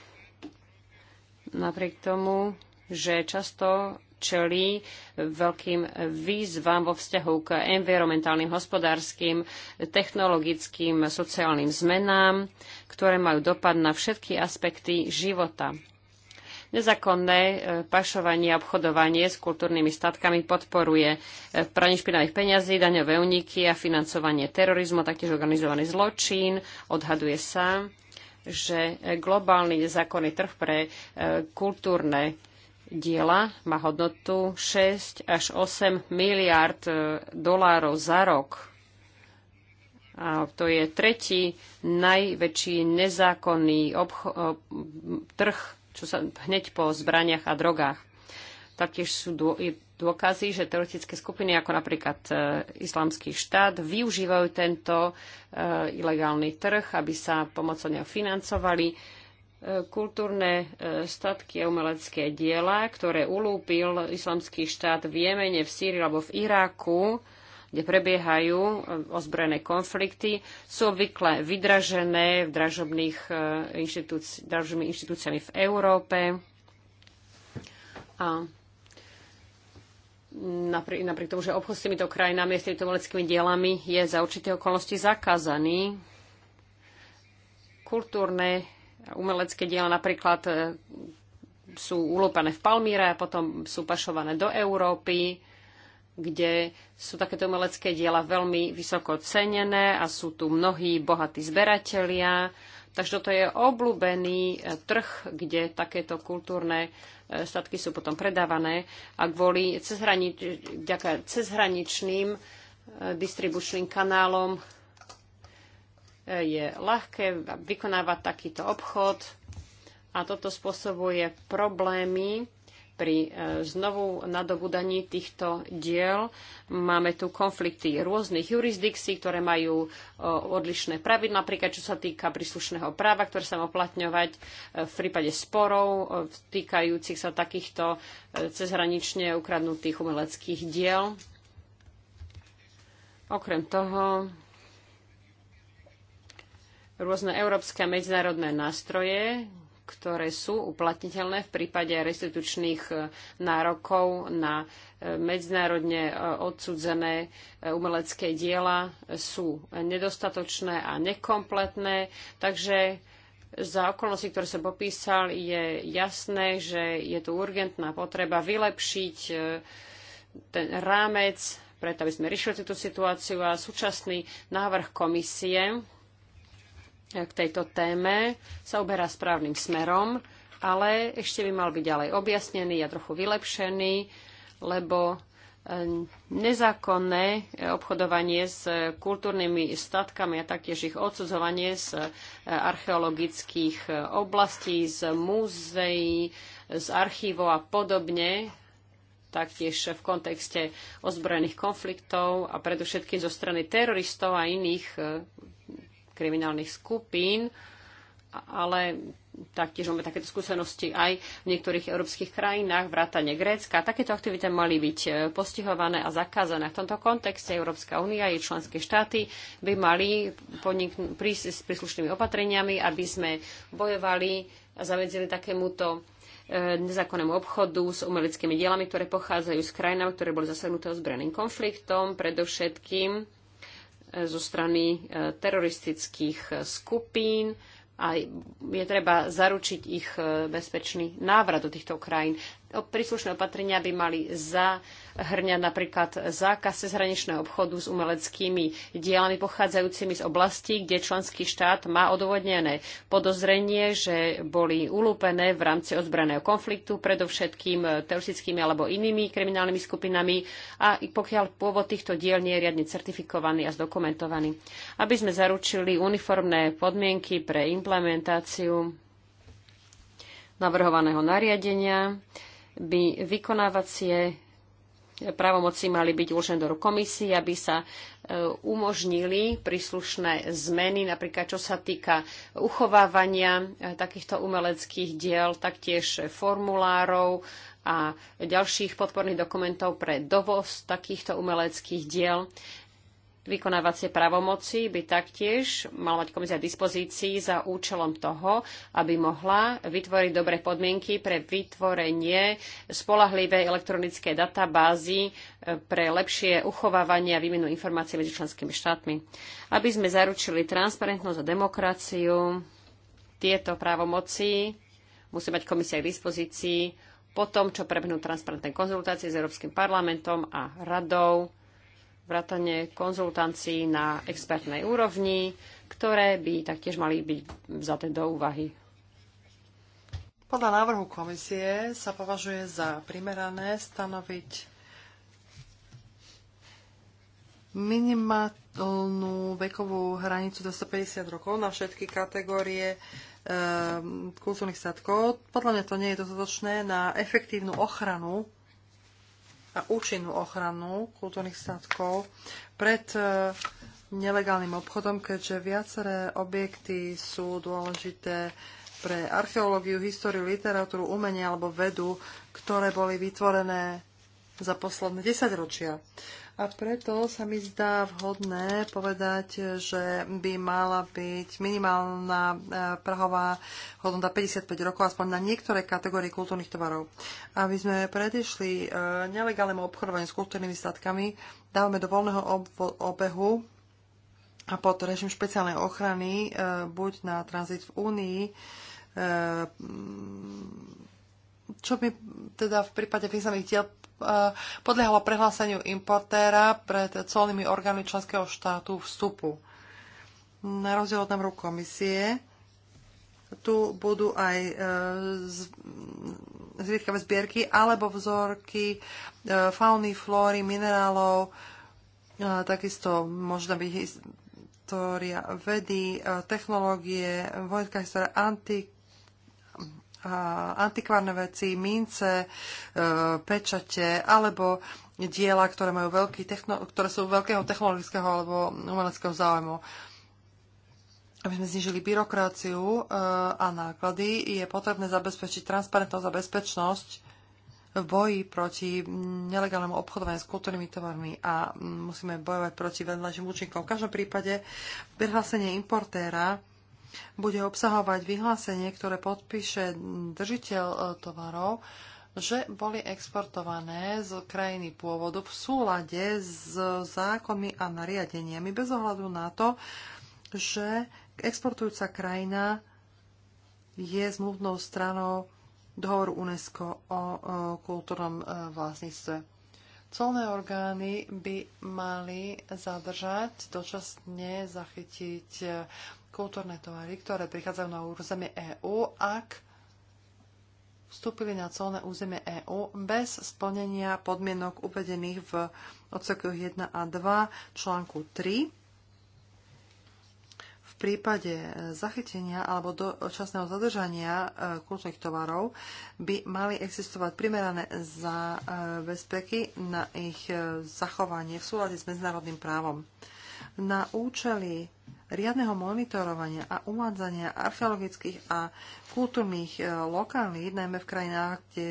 napriek tomu, že často čelí veľkým výzvam vo vzťahu k environmentálnym, hospodárskym, technologickým, sociálnym zmenám, ktoré majú dopad na všetky aspekty života. Nezákonné e, pašovanie a obchodovanie s kultúrnymi statkami podporuje e, pranie špinavých peňazí, daňové úniky a financovanie terorizmu, taktiež organizovaný zločin. Odhaduje sa, že globálny nezákonný trh pre e, kultúrne diela má hodnotu 6 až 8 miliard e, dolárov za rok. A to je tretí najväčší nezákonný obcho- e, trh, čo sa hneď po zbraniach a drogách. Taktiež sú dô- dôkazy, že teroristické skupiny ako napríklad e, Islamský štát využívajú tento e, ilegálny trh, aby sa pomocou neho financovali e, kultúrne e, statky a umelecké diela, ktoré ulúpil Islamský štát v Jemene, v Sýrii alebo v Iráku, kde prebiehajú e, ozbrojené konflikty, sú obvykle vydražené v dražobných e, inštitúci- dražobnými inštitúciami v Európe. A napriek, napriek tomu, že obchod s týmito krajinami, s týmito umeleckými dielami je za určité okolnosti zakázaný. Kultúrne umelecké diela napríklad e, sú ulopené v Palmíre a potom sú pašované do Európy, kde sú takéto umelecké diela veľmi vysoko cenené a sú tu mnohí bohatí zberatelia, Takže toto je obľúbený e, trh, kde takéto kultúrne e, statky sú potom predávané a kvôli cezhraničným e, distribučným kanálom je ľahké vykonávať takýto obchod a toto spôsobuje problémy pri e, znovu nadobudaní týchto diel máme tu konflikty rôznych jurisdikcií, ktoré majú e, odlišné pravidla, napríklad čo sa týka príslušného práva, ktoré sa má oplatňovať e, v prípade sporov týkajúcich sa takýchto cezhranične ukradnutých umeleckých diel. Okrem toho rôzne európske a medzinárodné nástroje, ktoré sú uplatniteľné v prípade restitučných e, nárokov na e, medzinárodne e, odsudzené umelecké diela, sú nedostatočné a nekompletné. Takže za okolnosti, ktoré som popísal, je jasné, že je tu urgentná potreba vylepšiť ten rámec preto, aby sme riešili túto situáciu a súčasný návrh komisie k tejto téme sa uberá správnym smerom, ale ešte by mal byť ďalej objasnený a trochu vylepšený, lebo eh, nezákonné eh, obchodovanie s kultúrnymi statkami a taktiež ich odsudzovanie z eh, archeologických oblastí, z múzeí, z archívov a podobne, taktiež v kontexte ozbrojených konfliktov a predovšetkým zo strany teroristov a iných kriminálnych skupín, ale taktiež máme takéto skúsenosti aj v niektorých európskych krajinách, vrátane Grécka. Takéto aktivity mali byť e, postihované a zakázané. V tomto kontexte Európska únia a členské štáty by mali prísť s príslušnými opatreniami, aby sme bojovali a zavedzili takémuto e, nezákonnému obchodu s umeleckými dielami, ktoré pochádzajú z krajín, ktoré boli zasadnuté ozbrojeným konfliktom, predovšetkým zo strany e, teroristických e, skupín a je treba zaručiť ich e, bezpečný návrat do týchto krajín. Príslušné opatrenia by mali za hrňa napríklad zákaz cezhraničného obchodu s umeleckými dielami pochádzajúcimi z oblastí, kde členský štát má odôvodnené podozrenie, že boli ulúpené v rámci ozbrojeného konfliktu, predovšetkým teoristickými alebo inými kriminálnymi skupinami a pokiaľ pôvod týchto diel nie je riadne certifikovaný a zdokumentovaný. Aby sme zaručili uniformné podmienky pre implementáciu navrhovaného nariadenia by vykonávacie právomoci mali byť uložené do komisie, aby sa e, umožnili príslušné zmeny, napríklad čo sa týka uchovávania e, takýchto umeleckých diel, taktiež formulárov a ďalších podporných dokumentov pre dovoz takýchto umeleckých diel. Vykonávacie právomoci by taktiež mala mať komisia dispozícii za účelom toho, aby mohla vytvoriť dobré podmienky pre vytvorenie spolahlivej elektronickej databázy e, pre lepšie uchovávanie a výmenu informácií medzi členskými štátmi. Aby sme zaručili transparentnosť a demokraciu, tieto právomoci musí mať komisia k dispozícii po tom, čo prebehnú transparentné konzultácie s Európskym parlamentom a radou vrátane konzultancií na expertnej úrovni, ktoré by taktiež mali byť vzaté do úvahy. Podľa návrhu komisie sa považuje za primerané stanoviť minimálnu vekovú hranicu do 150 rokov na všetky kategórie e, kultúrnych statkov. Podľa mňa to nie je dostatočné na efektívnu ochranu a účinnú ochranu kultúrnych statkov pred e, nelegálnym obchodom, keďže viaceré objekty sú dôležité pre archeológiu, históriu, literatúru, umenie alebo vedu, ktoré boli vytvorené za posledné desaťročia. ročia. A preto sa mi zdá vhodné povedať, že by mala byť minimálna e, prahová hodnota 55 rokov, aspoň na niektoré kategórie kultúrnych tovarov. Aby sme predišli e, nelegálnemu obchodovaniu s kultúrnymi statkami, dávame do voľného obehu a pod režim špeciálnej ochrany e, buď na tranzit v Únii, čo by teda v prípade významných diel e, podliehalo prehláseniu importéra pred colnými orgánmi členského štátu vstupu. Na rozdiel od návrhu komisie, tu budú aj e, zriedkavé zbierky alebo vzorky e, fauny, flóry, minerálov, takisto možno byť história vedy, technológie, vojenská história, antik, antikvárne veci, mince, e, pečate alebo diela, ktoré, majú veľký techno, ktoré sú veľkého technologického alebo umeleckého záujmu. Aby sme znižili byrokraciu e, a náklady, je potrebné zabezpečiť transparentnosť a bezpečnosť v boji proti nelegálnemu obchodovaniu s kultúrnymi tovarmi a musíme bojovať proti vedľajším účinkom. V každom prípade vyhlásenie importéra bude obsahovať vyhlásenie, ktoré podpíše držiteľ e, tovarov, že boli exportované z krajiny pôvodu v súlade s zákonmi a nariadeniami bez ohľadu na to, že exportujúca krajina je zmluvnou stranou dohovoru UNESCO o e, kultúrnom e, vlastníctve. Colné orgány by mali zadržať, dočasne zachytiť kultúrne tovary, ktoré prichádzajú na územie EÚ, ak vstúpili na colné územie EÚ bez splnenia podmienok uvedených v odsekoch 1 a 2 článku 3. V prípade zachytenia alebo dočasného zadržania e, kultúrnych tovarov by mali existovať primerané bezpeky na ich e, zachovanie v súlade s medzinárodným právom. Na účely riadneho monitorovania a uvádzania archeologických a kultúrnych e, lokalít, najmä v krajinách, kde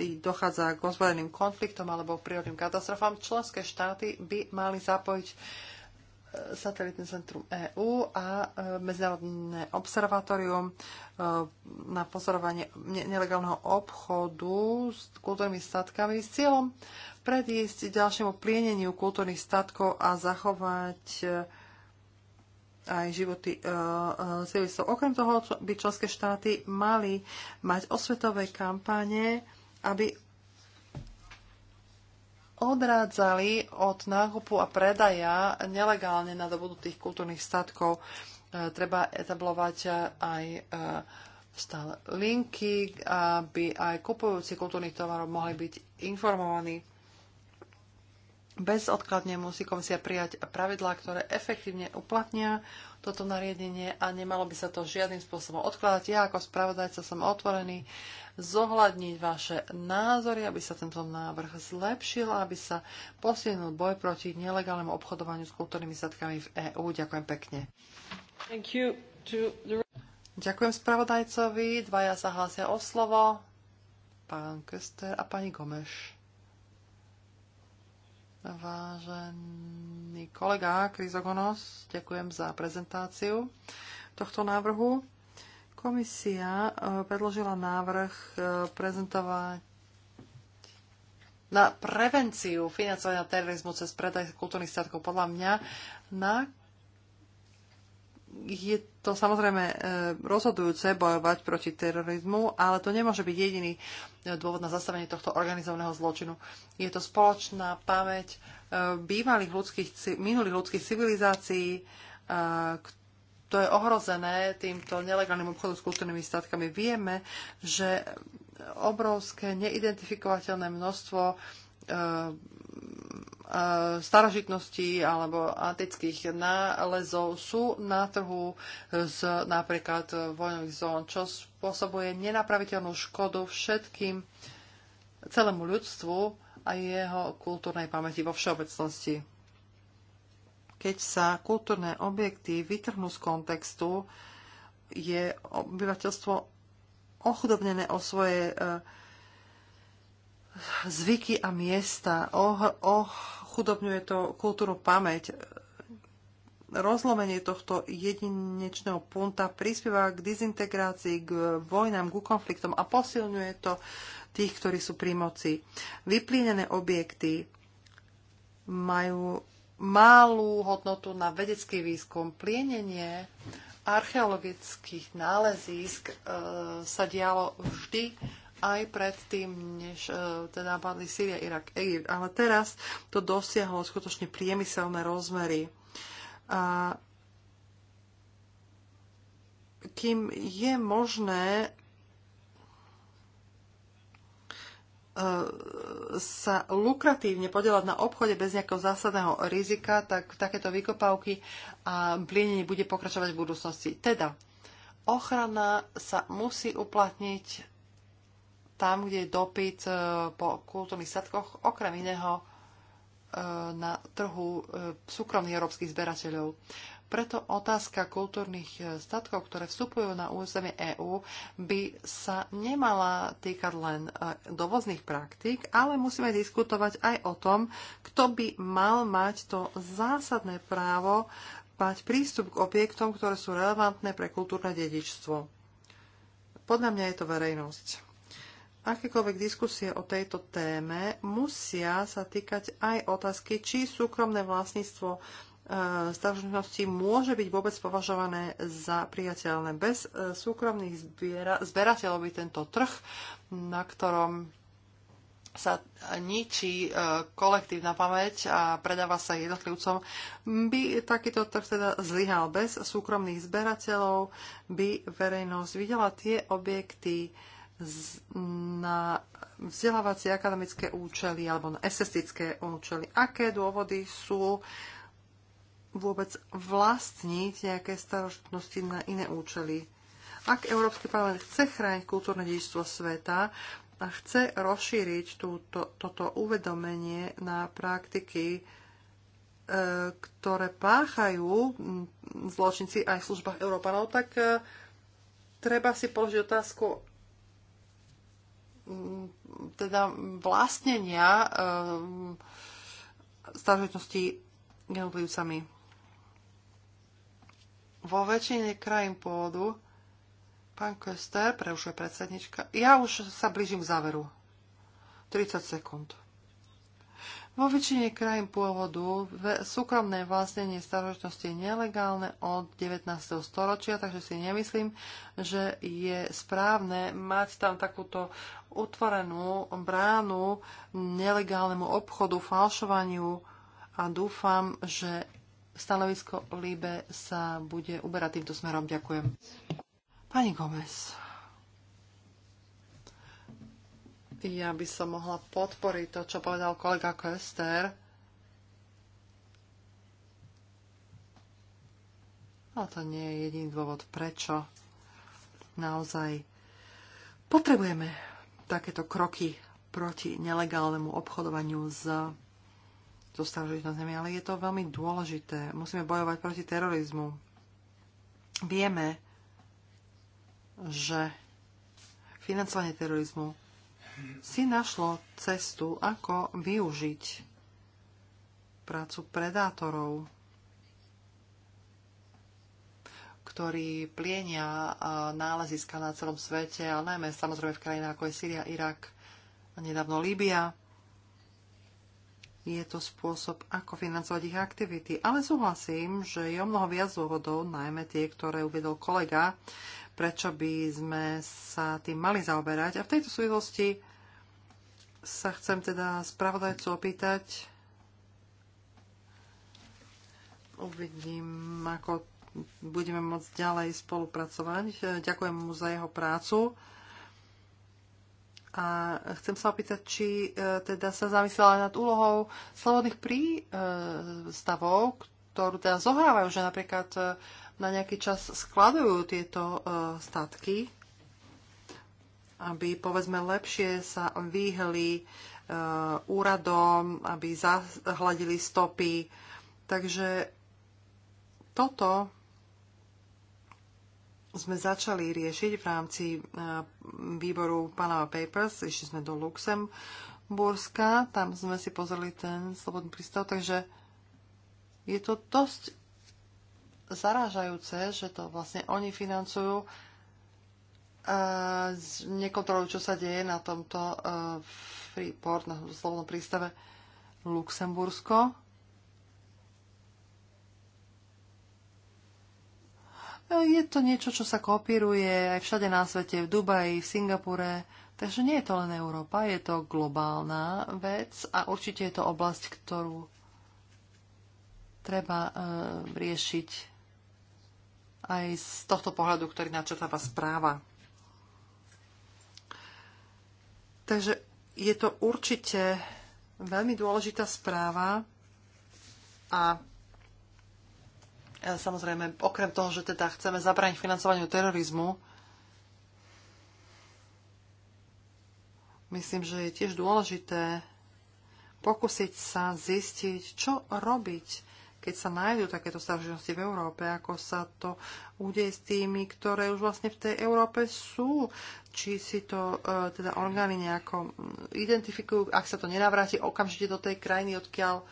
e, dochádza k ozbrojeným konfliktom alebo prírodným katastrofám, členské štáty by mali zapojiť e, satelitné centrum EÚ a Medzinárodné observatórium na pozorovanie nelegálneho obchodu s kultúrnymi statkami s cieľom predísť ďalšiemu plieneniu kultúrnych statkov a zachovať aj životy e, e, civilistov. Okrem toho by členské štáty mali mať osvetové kampáne, aby odrádzali od nákupu a predaja nelegálne nadobudnutých kultúrnych statkov. E, treba etablovať aj stále linky, aby aj kupujúci kultúrnych tovarov mohli byť informovaní Bezodkladne musí komisia prijať pravidlá, ktoré efektívne uplatnia toto nariadenie a nemalo by sa to žiadnym spôsobom odkladať. Ja ako spravodajca som otvorený zohľadniť vaše názory, aby sa tento návrh zlepšil, aby sa posilnil boj proti nelegálnemu obchodovaniu s kultúrnymi statkami v EÚ. Ďakujem pekne. The... Ďakujem spravodajcovi. Dvaja sa hlásia o slovo. Pán Köster a pani Gomeš. Vážený kolega Krizogonos. ďakujem za prezentáciu tohto návrhu. Komisia e, predložila návrh e, prezentovať na prevenciu financovania terorizmu cez predaj kultúrnych statkov. Podľa mňa na je to samozrejme e, rozhodujúce bojovať proti terorizmu, ale to nemôže byť jediný e, dôvod na zastavenie tohto organizovaného zločinu. Je to spoločná pamäť e, bývalých ľudských, minulých ľudských civilizácií, to je ohrozené týmto nelegálnym obchodom s kultúrnymi statkami. Vieme, že obrovské neidentifikovateľné množstvo starožitností alebo antických nálezov sú na trhu z napríklad vojnových zón, čo spôsobuje nenapraviteľnú škodu všetkým celému ľudstvu a jeho kultúrnej pamäti vo všeobecnosti. Keď sa kultúrne objekty vytrhnú z kontextu, je obyvateľstvo ochudobnené o svoje e, zvyky a miesta, ochudobňuje oh, oh to kultúru pamäť. Rozlomenie tohto jedinečného punta prispieva k dezintegrácii, k vojnám, k konfliktom a posilňuje to tých, ktorí sú pri moci. Vyplínené objekty majú malú hodnotu na vedecký výskum. Plienenie archeologických nálezísk e, sa dialo vždy aj predtým, než uh, teda padli Syria, Irak, Egypt. Ale teraz to dosiahlo skutočne priemyselné rozmery. A kým je možné e, sa lukratívne podielať na obchode bez nejakého zásadného rizika, tak takéto vykopávky a plienenie bude pokračovať v budúcnosti. Teda, ochrana sa musí uplatniť tam, kde je dopyt e, po kultúrnych statkoch, okrem iného e, na trhu e, súkromných európskych zberateľov. Preto otázka kultúrnych statkov, ktoré vstupujú na územie EÚ, by sa nemala týkať len dovozných praktík, ale musíme diskutovať aj o tom, kto by mal mať to zásadné právo mať prístup k objektom, ktoré sú relevantné pre kultúrne dedičstvo. Podľa mňa je to verejnosť akékoľvek diskusie o tejto téme musia sa týkať aj otázky, či súkromné vlastníctvo starožitnosti e, môže byť vôbec považované za priateľné. Bez e, súkromných zbiera, zberateľov by tento trh, na ktorom sa ničí e, kolektívna pamäť a predáva sa jednotlivcom, by takýto trh teda zlyhal. Bez súkromných zberateľov by verejnosť videla tie objekty, na vzdelávacie akademické účely alebo na esestické účely. Aké dôvody sú vôbec vlastniť nejaké starožitnosti na iné účely? Ak Európsky parlament chce chrániť kultúrne dedičstvo sveta a chce rozšíriť túto, toto uvedomenie na praktiky, e, ktoré páchajú zločinci aj v službách Európanov, tak e, treba si položiť otázku, Mm, teda vlastnenia eh, starožitnosti jednotlivcami. Vo väčšine krajín pôdu pán Köster, preušuje predsednička, ja už sa blížim k záveru. 30 sekúnd. Vo väčšine krajín pôvodu súkromné vlastnenie starožitnosti je nelegálne od 19. storočia, takže si nemyslím, že je správne mať tam takúto otvorenú bránu nelegálnemu obchodu, falšovaniu a dúfam, že stanovisko Líbe sa bude uberať týmto smerom. Ďakujem. Pani Gomez. Ja by som mohla podporiť to, čo povedal kolega Köster. A to nie je jediný dôvod, prečo naozaj potrebujeme takéto kroky proti nelegálnemu obchodovaniu s na zemi, ale je to veľmi dôležité. Musíme bojovať proti terorizmu. Vieme, že financovanie terorizmu si našlo cestu, ako využiť prácu predátorov, ktorí plienia náleziska na celom svete, ale najmä samozrejme v krajinách ako je Syria, Irak a nedávno Líbia je to spôsob, ako financovať ich aktivity. Ale súhlasím, že je o mnoho viac dôvodov, najmä tie, ktoré uvedol kolega, prečo by sme sa tým mali zaoberať. A v tejto súvislosti sa chcem teda spravodajcu opýtať. Uvidím, ako budeme môcť ďalej spolupracovať. Ďakujem mu za jeho prácu. A chcem sa opýtať, či e, teda sa zamyslela nad úlohou slobodných prístavov, e, ktorú teda zohrávajú, že napríklad e, na nejaký čas skladujú tieto e, statky, aby povedzme lepšie sa vyhli e, úradom, aby zahladili stopy. Takže toto sme začali riešiť v rámci e, výboru Panama Papers, išli sme do Luxemburska, tam sme si pozreli ten slobodný prístav, takže je to dosť zarážajúce, že to vlastne oni financujú e, nekontrolujú, čo sa deje na tomto e, Freeport, na slobodnom prístave Luxembursko Je to niečo, čo sa kopíruje aj všade na svete, v Dubaji, v Singapure. Takže nie je to len Európa, je to globálna vec a určite je to oblasť, ktorú treba e, riešiť aj z tohto pohľadu, ktorý načetáva správa. Takže je to určite veľmi dôležitá správa a E, samozrejme, okrem toho, že teda chceme zabrániť financovaniu terorizmu, myslím, že je tiež dôležité pokúsiť sa zistiť, čo robiť, keď sa nájdú takéto starožitnosti v Európe, ako sa to udeje s tými, ktoré už vlastne v tej Európe sú. Či si to e, teda orgány nejako identifikujú, ak sa to nenavráti okamžite do tej krajiny, odkiaľ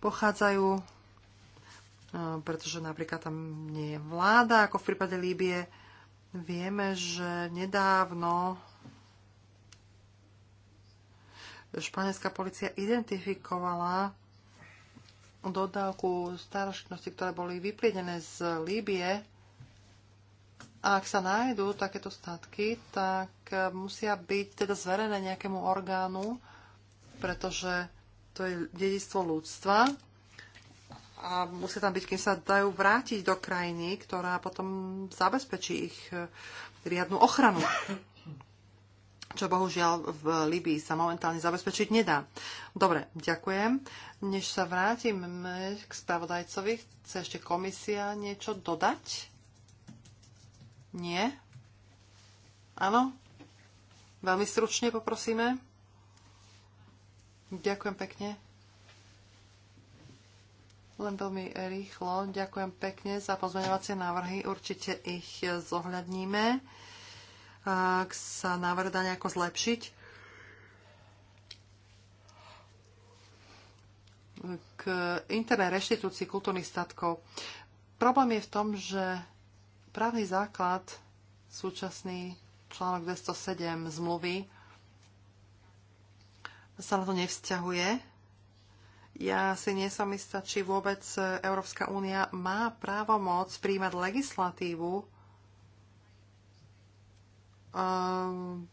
pochádzajú pretože napríklad tam nie je vláda, ako v prípade Líbie. Vieme, že nedávno španielská policia identifikovala dodávku starožitnosti, ktoré boli vypriedené z Líbie. A ak sa nájdú takéto statky, tak e, musia byť teda zverené nejakému orgánu, pretože to je dedictvo ľudstva a musia tam byť, kým sa dajú vrátiť do krajiny, ktorá potom zabezpečí ich e, riadnu ochranu. Čo bohužiaľ v Libii sa momentálne zabezpečiť nedá. Dobre, ďakujem. Než sa vrátim k spravodajcovi, chce ešte komisia niečo dodať? Nie? Áno? Veľmi stručne poprosíme. Ďakujem pekne. Len veľmi rýchlo. Ďakujem pekne za pozmeňovacie návrhy. Určite ich zohľadníme, ak sa návrh dá nejako zlepšiť. K internej reštitúcii kultúrnych statkov. Problém je v tom, že právny základ súčasný článok 207 zmluvy sa na to nevzťahuje ja si nie som istá, či vôbec Európska únia má právomoc príjmať legislatívu um,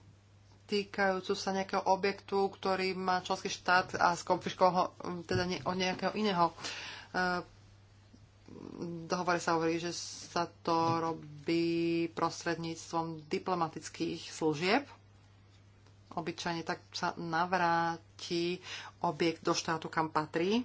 týkajúcu sa nejakého objektu, ktorý má členský štát a skonfiškoval ho teda nie, od nejakého iného. Uh, dohovore sa hovorí, že sa to robí prostredníctvom diplomatických služieb. Obyčajne tak sa navráť vráti objekt do štátu, kam patrí.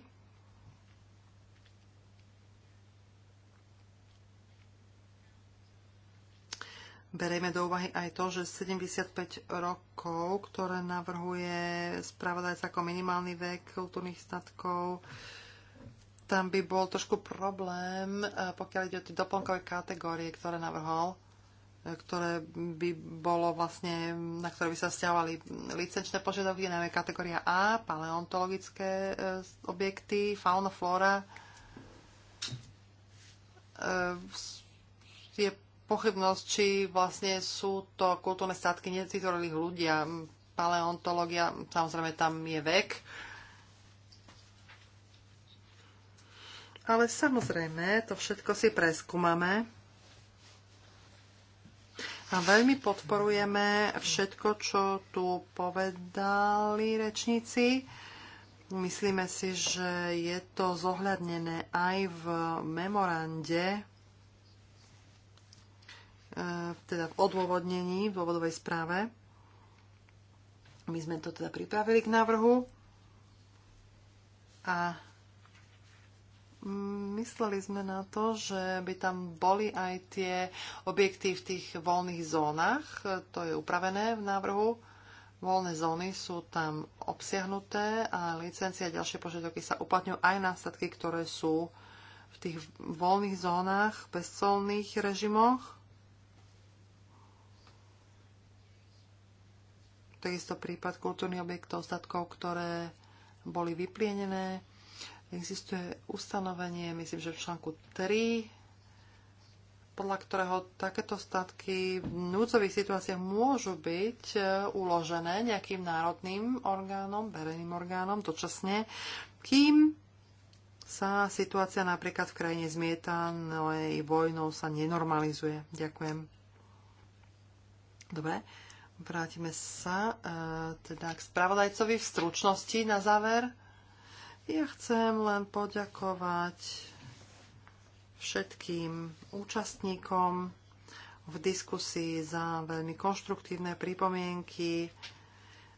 Berejme do úvahy aj to, že 75 rokov, ktoré navrhuje spravodajca ako minimálny vek kultúrnych statkov, tam by bol trošku problém, eh, pokiaľ ide o tie doplnkové kategórie, ktoré navrhol ktoré by bolo vlastne, na ktoré by sa stiahovali licenčné požiadavky, najmä kategória A, paleontologické e, objekty, fauna, flóra. E, je pochybnosť, či vlastne sú to kultúrne statky nevytvorili ľudia. Paleontológia, samozrejme tam je vek. Ale samozrejme, to všetko si preskúmame. A veľmi podporujeme všetko, čo tu povedali rečníci. Myslíme si, že je to zohľadnené aj v memorande, e, teda v odôvodnení, v dôvodovej správe. My sme to teda pripravili k návrhu a mysleli sme na to, že by tam boli aj tie objekty v tých voľných zónach. To je upravené v návrhu. Voľné zóny sú tam obsiahnuté a licencia a ďalšie požiadavky sa uplatňujú aj na statky, ktoré sú v tých voľných zónach, bezcolných režimoch. Takisto prípad kultúrnych objektov, statkov, ktoré boli vyplienené Existuje ustanovenie, myslím, že v článku 3, podľa ktorého takéto statky v núdzových situáciách môžu byť e, uložené nejakým národným orgánom, verejným orgánom dočasne, kým sa situácia napríklad v krajine i vojnou sa nenormalizuje. Ďakujem. Dobre, vrátime sa e, teda k spravodajcovi v stručnosti na záver. Ja chcem len poďakovať všetkým účastníkom v diskusii za veľmi konštruktívne pripomienky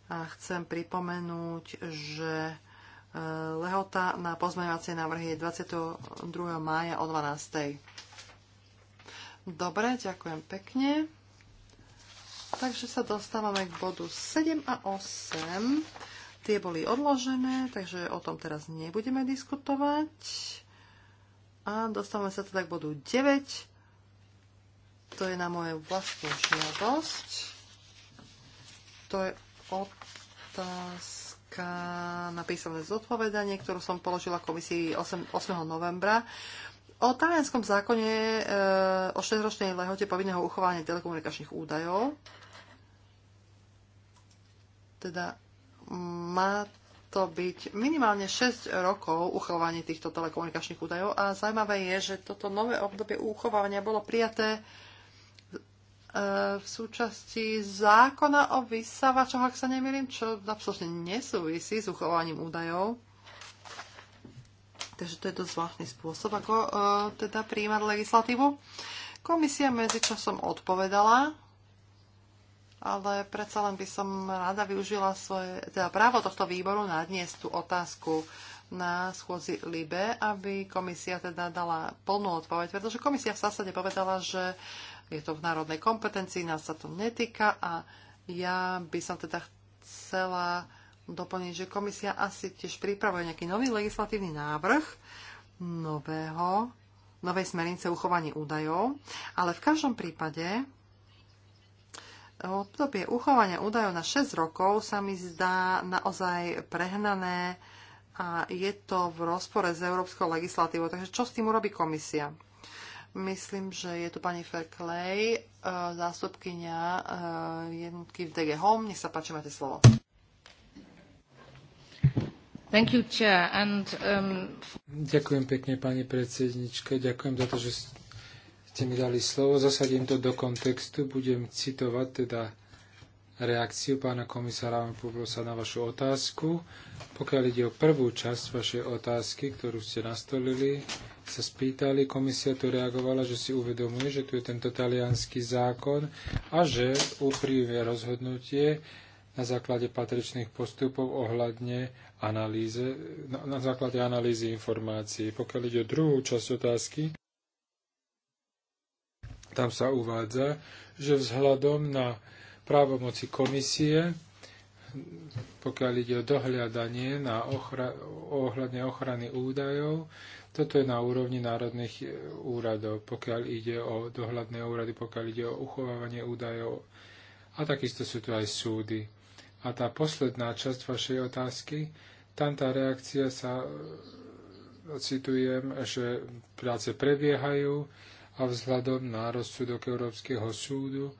a chcem pripomenúť, že e, lehota na pozmeňovacie návrhy je 22. mája o 12. Dobre, ďakujem pekne. Takže sa dostávame k bodu 7 a 8 Tie boli odložené, takže o tom teraz nebudeme diskutovať. A dostávame sa teda k bodu 9. To je na moje vlastnú žiadosť. To je otázka na písomné zodpovedanie, ktorú som položila komisii 8. 8. novembra. O talianskom zákone e, o 6-ročnej lehote povinného uchovania telekomunikačných údajov. Teda má to byť minimálne 6 rokov uchovanie týchto telekomunikačných údajov a zaujímavé je, že toto nové obdobie uchovávania bolo prijaté e, v súčasti zákona o vysávačoch, ak sa nemýlim, čo absolútne nesúvisí s uchovaním údajov. Takže to je dosť zvláštny spôsob, ako uh, teda prijímať legislatívu. Komisia medzičasom odpovedala ale predsa len by som rada využila svoje, teda právo tohto výboru nadniesť tú otázku na schôdzi LIBE, aby komisia teda dala plnú odpoveď, pretože komisia v zásade povedala, že je to v národnej kompetencii, nás sa to netýka a ja by som teda chcela doplniť, že komisia asi tiež pripravuje nejaký nový legislatívny návrh nového, novej smernice uchovaní údajov, ale v každom prípade obdobie uchovania údajov na 6 rokov sa mi zdá naozaj prehnané a je to v rozpore s európskou legislatívou. Takže čo s tým urobí komisia? Myslím, že je tu pani Ferklej, e, zástupkynia e, jednotky v DG Home. Nech sa páči, máte slovo. You, And, um... Ďakujem pekne, pani predsednička. Ďakujem za to, že ste ste mi dali slovo, zasadím to do kontextu, budem citovať teda reakciu pána komisára sa na vašu otázku. Pokiaľ ide o prvú časť vašej otázky, ktorú ste nastolili, sa spýtali, komisia tu reagovala, že si uvedomuje, že tu je tento talianský zákon a že upríve rozhodnutie na základe patričných postupov ohľadne analýze, na, na základe analýzy informácií. Pokiaľ ide o druhú časť otázky, tam sa uvádza, že vzhľadom na právomoci komisie, pokiaľ ide o dohľadanie na ochra- ohľadne ochrany údajov, toto je na úrovni národných e, úradov, pokiaľ ide o dohľadné úrady, pokiaľ ide o uchovávanie údajov. A takisto sú tu aj súdy. A tá posledná časť vašej otázky, tam tá reakcia sa, e, citujem, že práce prebiehajú, a vzhľadom na rozsudok Európskeho súdu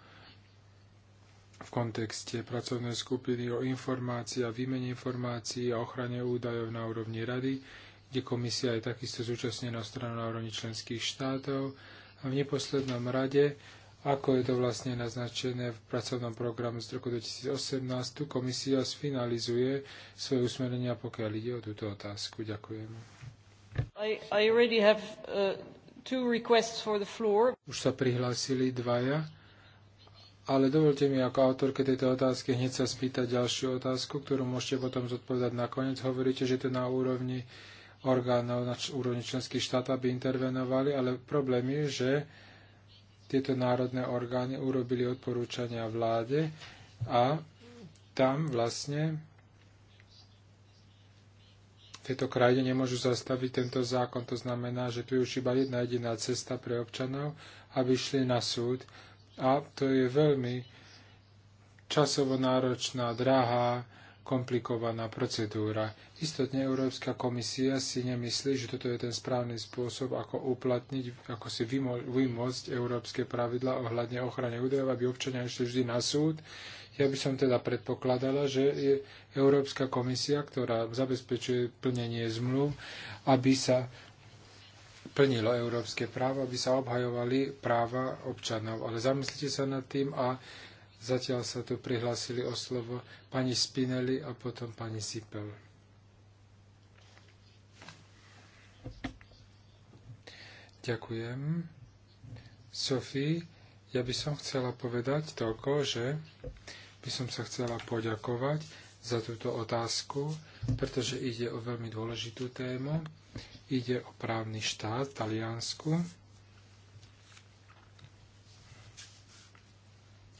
v kontexte pracovnej skupiny o informácii a výmene informácií a ochrane údajov na úrovni rady, kde komisia je takisto zúčastnená stranou na úrovni členských štátov a v neposlednom rade ako je to vlastne naznačené v pracovnom programu z roku 2018, tu komisia sfinalizuje svoje usmerenia, pokiaľ ide o túto otázku. Ďakujem. I, I už sa prihlásili dvaja, ale dovolte mi ako autorke tejto otázky hneď sa spýtať ďalšiu otázku, ktorú môžete potom zodpovedať nakoniec. Hovoríte, že to na úrovni orgánov, na úrovni členských štát, aby intervenovali, ale problém je, že tieto národné orgány urobili odporúčania vláde a tam vlastne tejto krajine nemôžu zastaviť tento zákon. To znamená, že tu je už iba jedna jediná cesta pre občanov, aby šli na súd. A to je veľmi časovo náročná, drahá, komplikovaná procedúra. Istotne Európska komisia si nemyslí, že toto je ten správny spôsob, ako uplatniť, ako si vymôcť európske pravidla ohľadne ochrany údajov, aby občania išli vždy na súd. Ja by som teda predpokladala, že je Európska komisia, ktorá zabezpečuje plnenie zmluv, aby sa plnilo európske právo, aby sa obhajovali práva občanov. Ale zamyslite sa nad tým a Zatiaľ sa tu prihlásili o slovo pani Spinelli a potom pani Sipel. Ďakujem. Sofie, ja by som chcela povedať toľko, že by som sa chcela poďakovať za túto otázku, pretože ide o veľmi dôležitú tému. Ide o právny štát v Taliansku.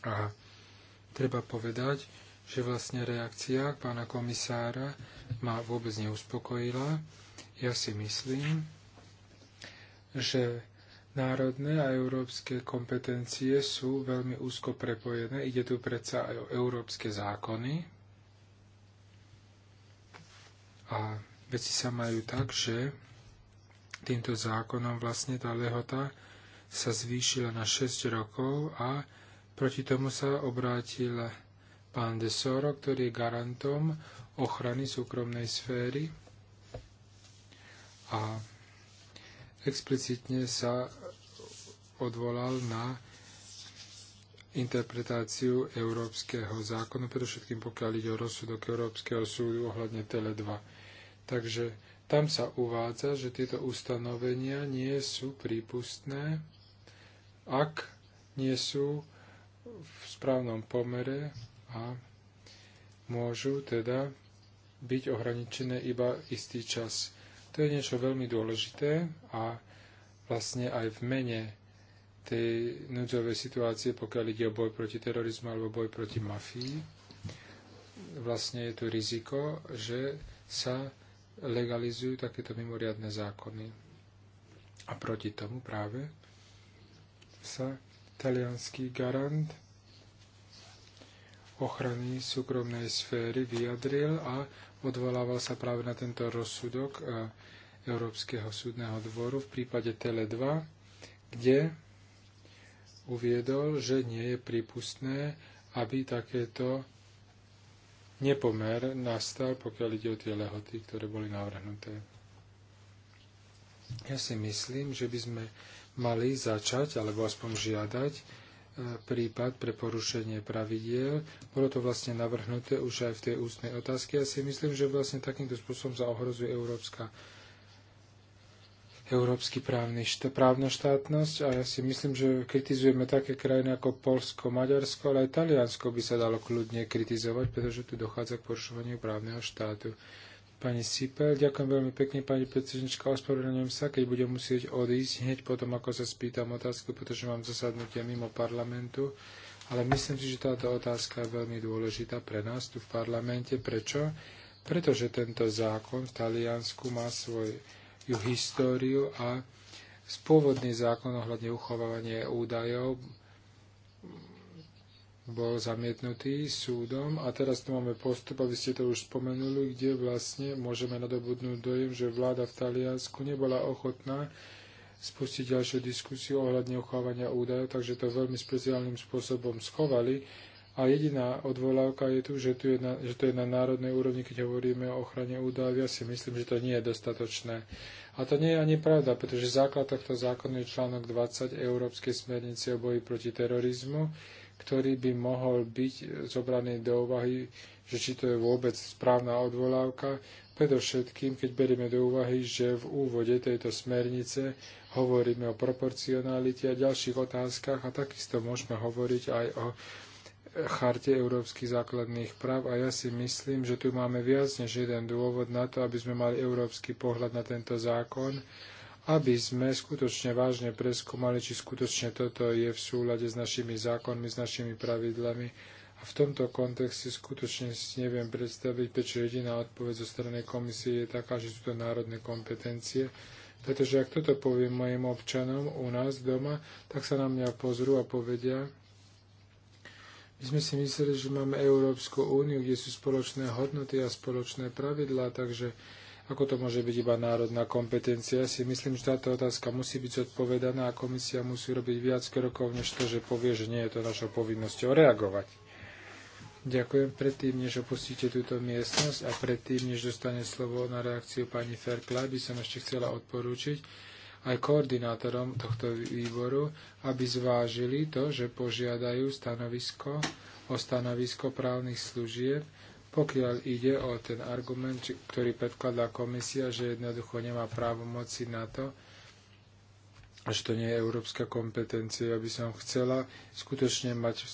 Aha treba povedať, že vlastne reakcia pána komisára ma vôbec neuspokojila. Ja si myslím, že národné a európske kompetencie sú veľmi úzko prepojené. Ide tu predsa aj o európske zákony. A veci sa majú tak, že týmto zákonom vlastne tá lehota sa zvýšila na 6 rokov a Proti tomu sa obrátil pán de Soro, ktorý je garantom ochrany súkromnej sféry a explicitne sa odvolal na interpretáciu európskeho zákonu, predovšetkým pokiaľ ide o rozsudok Európskeho súdu ohľadne Tele 2. Takže tam sa uvádza, že tieto ustanovenia nie sú prípustné, ak nie sú v správnom pomere a môžu teda byť ohraničené iba istý čas. To je niečo veľmi dôležité a vlastne aj v mene tej núdzovej situácie, pokiaľ ide o boj proti terorizmu alebo boj proti mafii, vlastne je tu riziko, že sa legalizujú takéto mimoriadne zákony. A proti tomu práve sa talianský garant ochrany súkromnej sféry vyjadril a odvolával sa práve na tento rozsudok e, Európskeho súdneho dvoru v prípade Tele 2, kde uviedol, že nie je prípustné, aby takéto nepomer nastal, pokiaľ ide o tie lehoty, ktoré boli navrhnuté. Ja si myslím, že by sme mali začať, alebo aspoň žiadať, e, prípad pre porušenie pravidiel. Bolo to vlastne navrhnuté už aj v tej ústnej otázke. Ja si myslím, že vlastne takýmto spôsobom zaohrozuje európska európsky právny, št- právna štátnosť a ja si myslím, že kritizujeme také krajiny ako Polsko, Maďarsko, ale aj Taliansko by sa dalo kľudne kritizovať, pretože tu dochádza k porušovaniu právneho štátu. Pani Sipel, ďakujem veľmi pekne, pani predsednička, ospravedlňujem sa, keď budem musieť odísť hneď potom, ako sa spýtam otázku, pretože mám zasadnutie mimo parlamentu. Ale myslím si, že táto otázka je veľmi dôležitá pre nás tu v parlamente. Prečo? Pretože tento zákon v Taliansku má svoju históriu a spôvodný zákon ohľadne uchovávania údajov bol zamietnutý súdom a teraz tu máme postup, aby ste to už spomenuli, kde vlastne môžeme nadobudnúť dojem, že vláda v Taliansku nebola ochotná spustiť ďalšiu diskusiu ohľadne uchovania údajov, takže to veľmi speciálnym spôsobom schovali. A jediná odvolávka je tu, že, tu je na, že to je na národnej úrovni, keď hovoríme o ochrane údajov. Ja si myslím, že to nie je dostatočné. A to nie je ani pravda, pretože základ tohto zákonu je článok 20 Európskej smernice o boji proti terorizmu, ktorý by mohol byť zobraný do úvahy, že či to je vôbec správna odvolávka, predovšetkým keď berieme do úvahy, že v úvode tejto smernice hovoríme o proporcionalite a ďalších otázkach a takisto môžeme hovoriť aj o charte európskych základných práv a ja si myslím, že tu máme viac než jeden dôvod na to, aby sme mali európsky pohľad na tento zákon aby sme skutočne vážne preskúmali, či skutočne toto je v súlade s našimi zákonmi, s našimi pravidlami. A v tomto kontexte skutočne si neviem predstaviť, prečo jediná odpoveď zo strany komisie je taká, že sú to národné kompetencie. Pretože ak toto poviem mojim občanom u nás doma, tak sa na mňa pozrú a povedia, my sme si mysleli, že máme Európsku úniu, kde sú spoločné hodnoty a spoločné pravidlá, takže ako to môže byť iba národná kompetencia. Ja si myslím, že táto otázka musí byť zodpovedaná a komisia musí robiť viac krokov, než to, že povie, že nie je to našou povinnosťou reagovať. Ďakujem predtým, než opustíte túto miestnosť a predtým, než dostane slovo na reakciu pani Ferkla, by som ešte chcela odporúčiť aj koordinátorom tohto výboru, aby zvážili to, že požiadajú stanovisko o stanovisko právnych služieb pokiaľ ide o ten argument, ktorý predkladá komisia, že jednoducho nemá právo moci na to, že to nie je európska kompetencia, ja by som chcela skutočne mať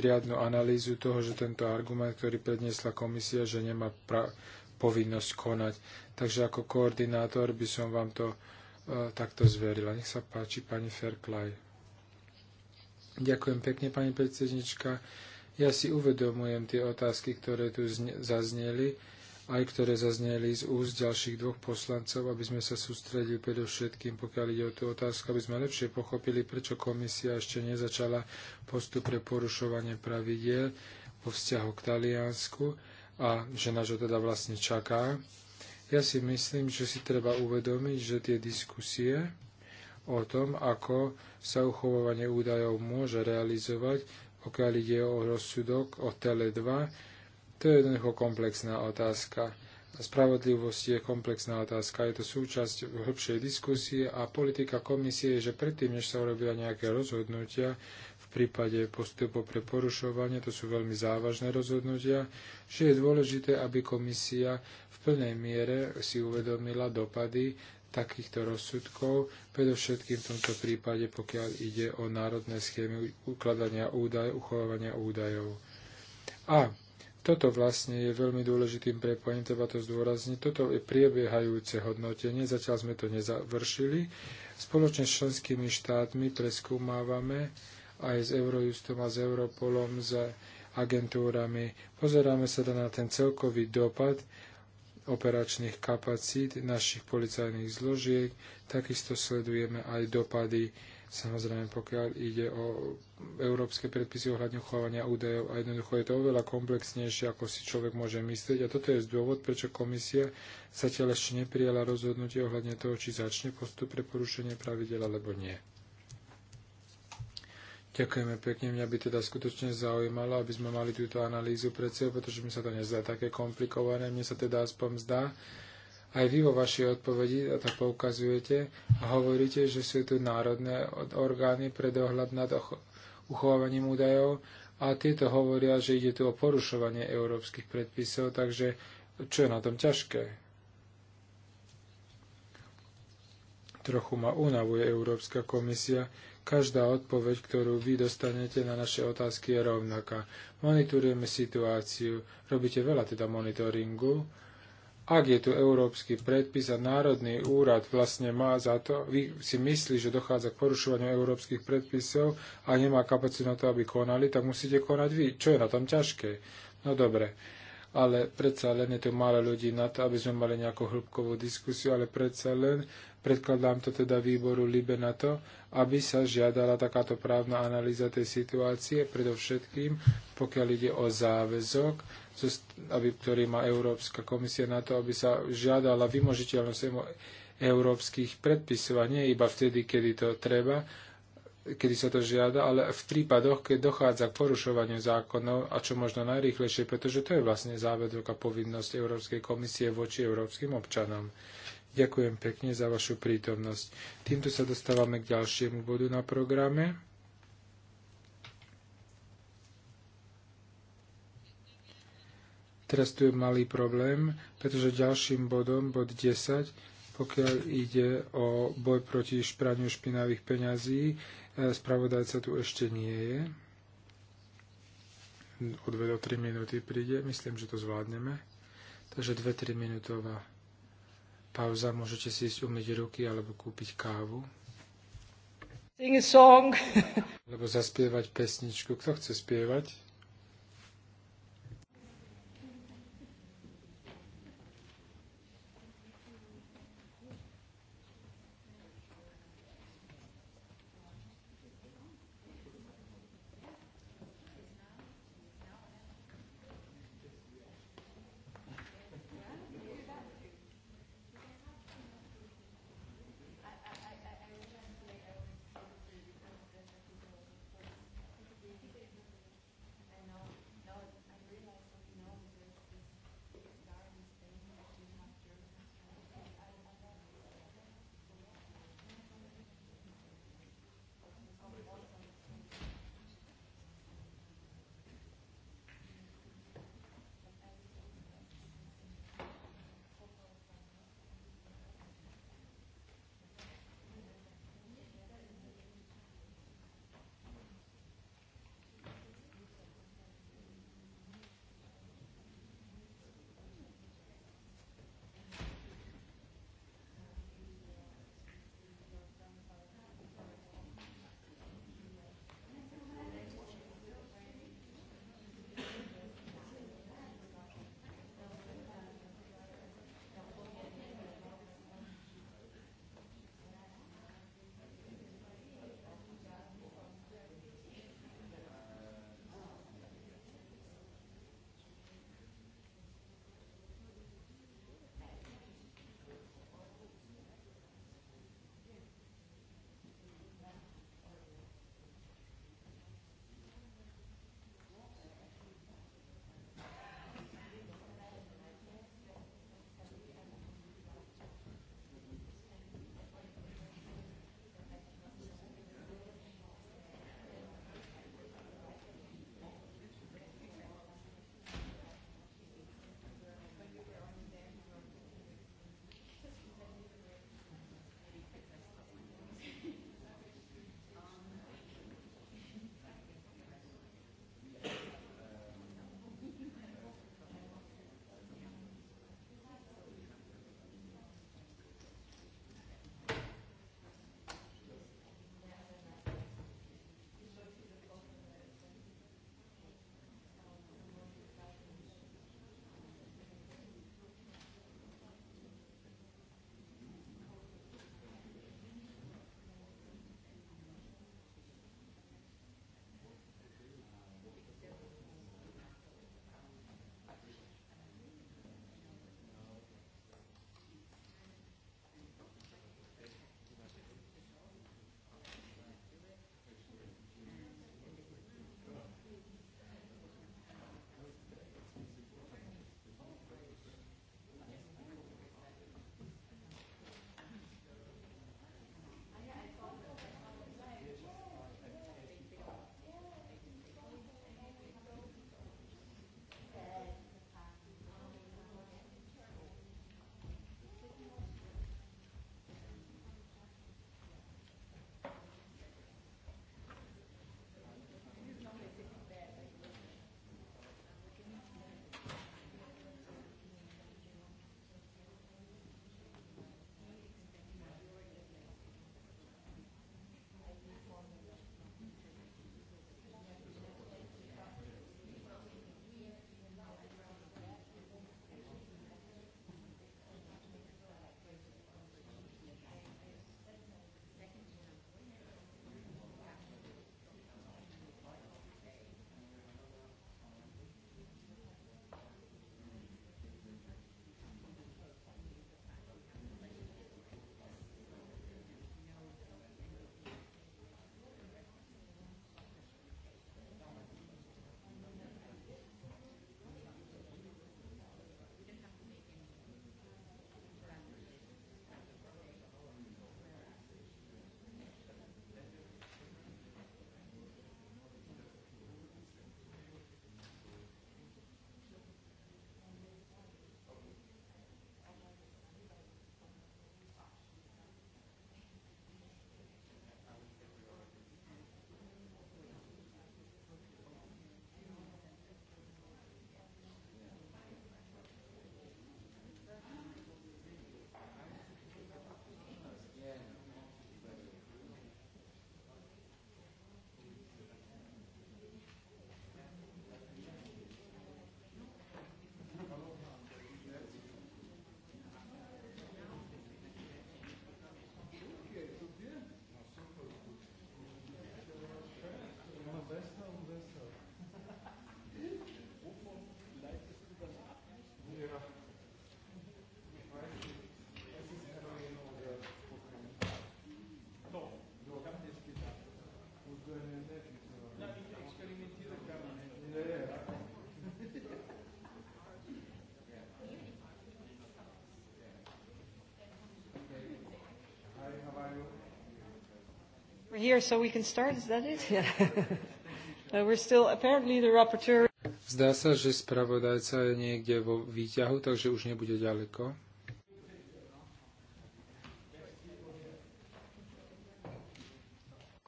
riadnu analýzu toho, že tento argument, ktorý predniesla komisia, že nemá povinnosť konať. Takže ako koordinátor by som vám to e, takto zverila. Nech sa páči, pani Ferklaj. Ďakujem pekne, pani predsednička. Ja si uvedomujem tie otázky, ktoré tu zazneli, aj ktoré zazneli z úst ďalších dvoch poslancov, aby sme sa sústredili predovšetkým, pokiaľ ide o tú otázku, aby sme lepšie pochopili, prečo komisia ešte nezačala postup pre porušovanie pravidiel vo vzťahu k Taliansku a že náš teda vlastne čaká. Ja si myslím, že si treba uvedomiť, že tie diskusie o tom, ako sa uchovovanie údajov môže realizovať, pokiaľ ide o rozsudok, o Tele 2, to je jednoducho komplexná otázka. Spravodlivosť je komplexná otázka, je to súčasť hĺbšej diskusie a politika komisie je, že predtým, než sa urobia nejaké rozhodnutia v prípade postupu pre porušovanie, to sú veľmi závažné rozhodnutia, že je dôležité, aby komisia v plnej miere si uvedomila dopady takýchto rozsudkov, predovšetkým v tomto prípade, pokiaľ ide o národné schémy ukladania údajov, uchovávania údajov. A toto vlastne je veľmi dôležitým prepojením, treba to zdôrazniť. Toto je priebiehajúce hodnotenie, zatiaľ sme to nezavršili. Spoločne s členskými štátmi preskúmávame aj s Eurojustom a s Europolom, s agentúrami. Pozeráme sa na ten celkový dopad operačných kapacít našich policajných zložiek. Takisto sledujeme aj dopady, samozrejme pokiaľ ide o európske predpisy ohľadne uchovania údajov a jednoducho je to oveľa komplexnejšie, ako si človek môže myslieť. A toto je dôvod, prečo komisia zatiaľ ešte neprijala rozhodnutie ohľadne toho, či začne postup pre porušenie pravidel alebo nie. Ďakujeme pekne. Mňa by teda skutočne zaujímalo, aby sme mali túto analýzu pred sebou, pretože mi sa to nezdá také komplikované. Mne sa teda aspoň zdá, aj vy vo vašej odpovedi a to poukazujete a hovoríte, že sú tu národné orgány pre dohľad nad uchovávaním údajov a tieto hovoria, že ide tu o porušovanie európskych predpisov, takže čo je na tom ťažké? Trochu ma unavuje Európska komisia, každá odpoveď, ktorú vy dostanete na naše otázky, je rovnaká. Monitorujeme situáciu, robíte veľa teda monitoringu. Ak je tu európsky predpis a Národný úrad vlastne má za to, vy si myslí, že dochádza k porušovaniu európskych predpisov a nemá kapacitu na to, aby konali, tak musíte konať vy. Čo je na tom ťažké? No dobre ale predsa len je to málo ľudí na to, aby sme mali nejakú hĺbkovú diskusiu, ale predsa len Predkladám to teda výboru Libe na to, aby sa žiadala takáto právna analýza tej situácie, predovšetkým pokiaľ ide o záväzok, aby, ktorý má Európska komisia na to, aby sa žiadala vymožiteľnosť európskych predpisov a nie iba vtedy, kedy to treba, kedy sa to žiada, ale v prípadoch, keď dochádza k porušovaniu zákonov a čo možno najrýchlejšie, pretože to je vlastne záväzok a povinnosť Európskej komisie voči európskym občanom. Ďakujem pekne za vašu prítomnosť. Týmto sa dostávame k ďalšiemu bodu na programe. Teraz tu je malý problém, pretože ďalším bodom, bod 10, pokiaľ ide o boj proti špraniu špinavých peňazí, e, spravodajca tu ešte nie je. O 2-3 minúty príde, myslím, že to zvládneme. Takže 2-3 minútová pauza, môžete si ísť umyť ruky alebo kúpiť kávu. Sing a song. Lebo zaspievať pesničku. Kto chce spievať? here so we can start, is that it? Yeah. no, [laughs] we're still apparently the rapporteur. Zdá sa, že spravodajca je niekde vo výťahu, takže už nebude ďaleko.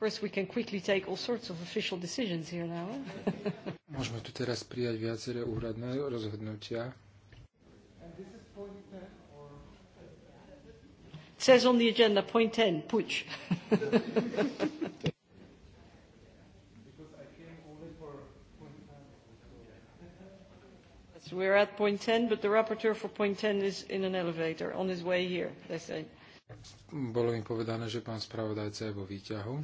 course, we can quickly take all sorts of official decisions here now. [laughs] Môžeme tu teraz prijať viaceré úradné rozhodnutia. It says on the agenda point 10, putsch. [laughs] We're at point 10, but the rapporteur for point 10 is in an elevator on his way here, they say. Bolo mi povedané, že pán spravodajca je vo výťahu.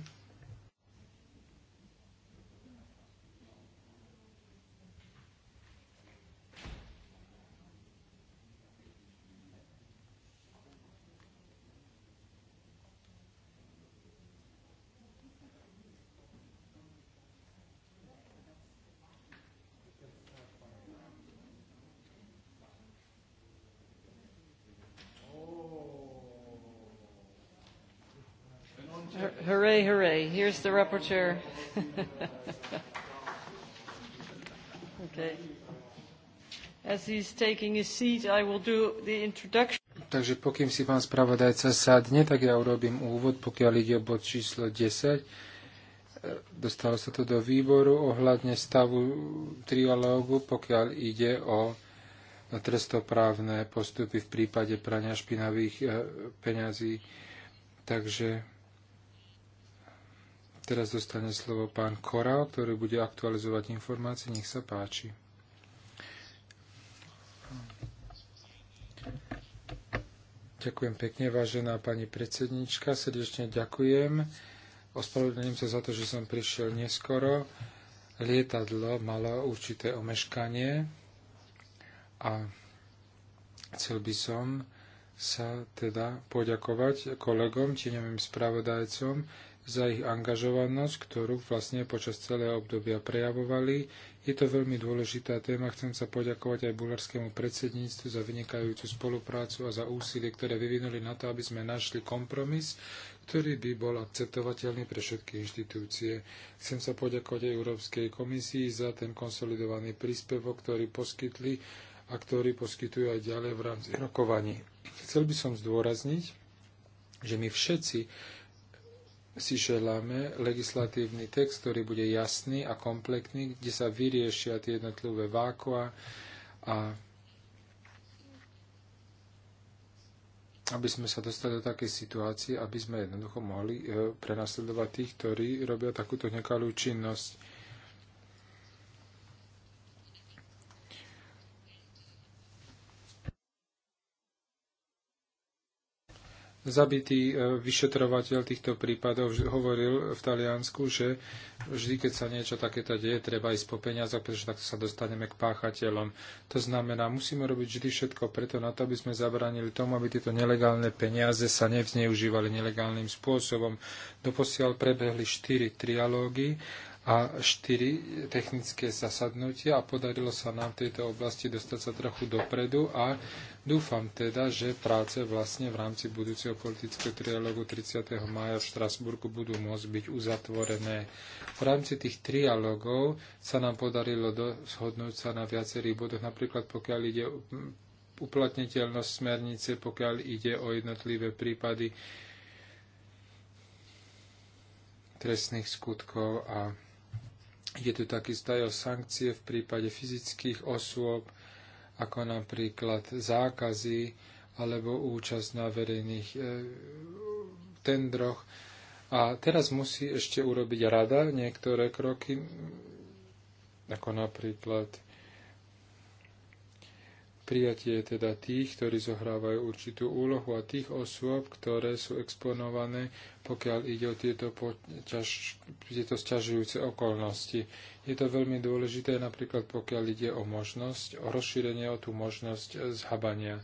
rapporteur. [laughs] okay. As he's taking his seat, I will do the introduction. Takže pokým si pán spravodajca sadne, tak ja urobím úvod, pokiaľ ide o bod číslo 10. Dostalo sa to do výboru ohľadne stavu trialógu, pokiaľ ide o trestoprávne postupy v prípade prania špinavých eh, peňazí. Takže Teraz dostane slovo pán Koral, ktorý bude aktualizovať informácie. Nech sa páči. Ďakujem pekne, vážená pani predsednička. Srdečne ďakujem. Ospravedlňujem sa za to, že som prišiel neskoro. Lietadlo malo určité omeškanie a chcel by som sa teda poďakovať kolegom, tieňovým spravodajcom, za ich angažovanosť, ktorú vlastne počas celého obdobia prejavovali. Je to veľmi dôležitá téma. Chcem sa poďakovať aj bulharskému predsedníctvu za vynikajúcu spoluprácu a za úsilie, ktoré vyvinuli na to, aby sme našli kompromis, ktorý by bol akceptovateľný pre všetky inštitúcie. Chcem sa poďakovať aj Európskej komisii za ten konsolidovaný príspevok, ktorý poskytli a ktorý poskytujú aj ďalej v rámci rokovaní. Chcel by som zdôrazniť, že my všetci si želáme legislatívny text, ktorý bude jasný a kompletný, kde sa vyriešia tie jednotlivé vákua a aby sme sa dostali do takej situácie, aby sme jednoducho mohli e, prenasledovať tých, ktorí robia takúto nekalú činnosť. Zabitý e, vyšetrovateľ týchto prípadov hovoril v Taliansku, že vždy, keď sa niečo takéto deje, treba ísť po peniazoch, pretože takto sa dostaneme k páchateľom. To znamená, musíme robiť vždy všetko preto na to, aby sme zabránili tomu, aby tieto nelegálne peniaze sa nevzneužívali nelegálnym spôsobom. Doposiaľ prebehli štyri trialógy a štyri technické zasadnutia a podarilo sa nám v tejto oblasti dostať sa trochu dopredu a dúfam teda, že práce vlastne v rámci budúceho politického trialógu 30. maja v Štrasburgu budú môcť byť uzatvorené. V rámci tých trialógov sa nám podarilo zhodnúť sa na viacerých bodoch, napríklad pokiaľ ide uplatniteľnosť smernice, pokiaľ ide o jednotlivé prípady trestných skutkov a je tu takisto aj o sankcie v prípade fyzických osôb, ako napríklad zákazy alebo účasť na verejných e, tendroch. A teraz musí ešte urobiť rada niektoré kroky, ako napríklad prijatie teda tých, ktorí zohrávajú určitú úlohu a tých osôb, ktoré sú exponované, pokiaľ ide o tieto, poťaž, tieto sťažujúce okolnosti. Je to veľmi dôležité napríklad pokiaľ ide o možnosť, o rozšírenie o tú možnosť zhabania.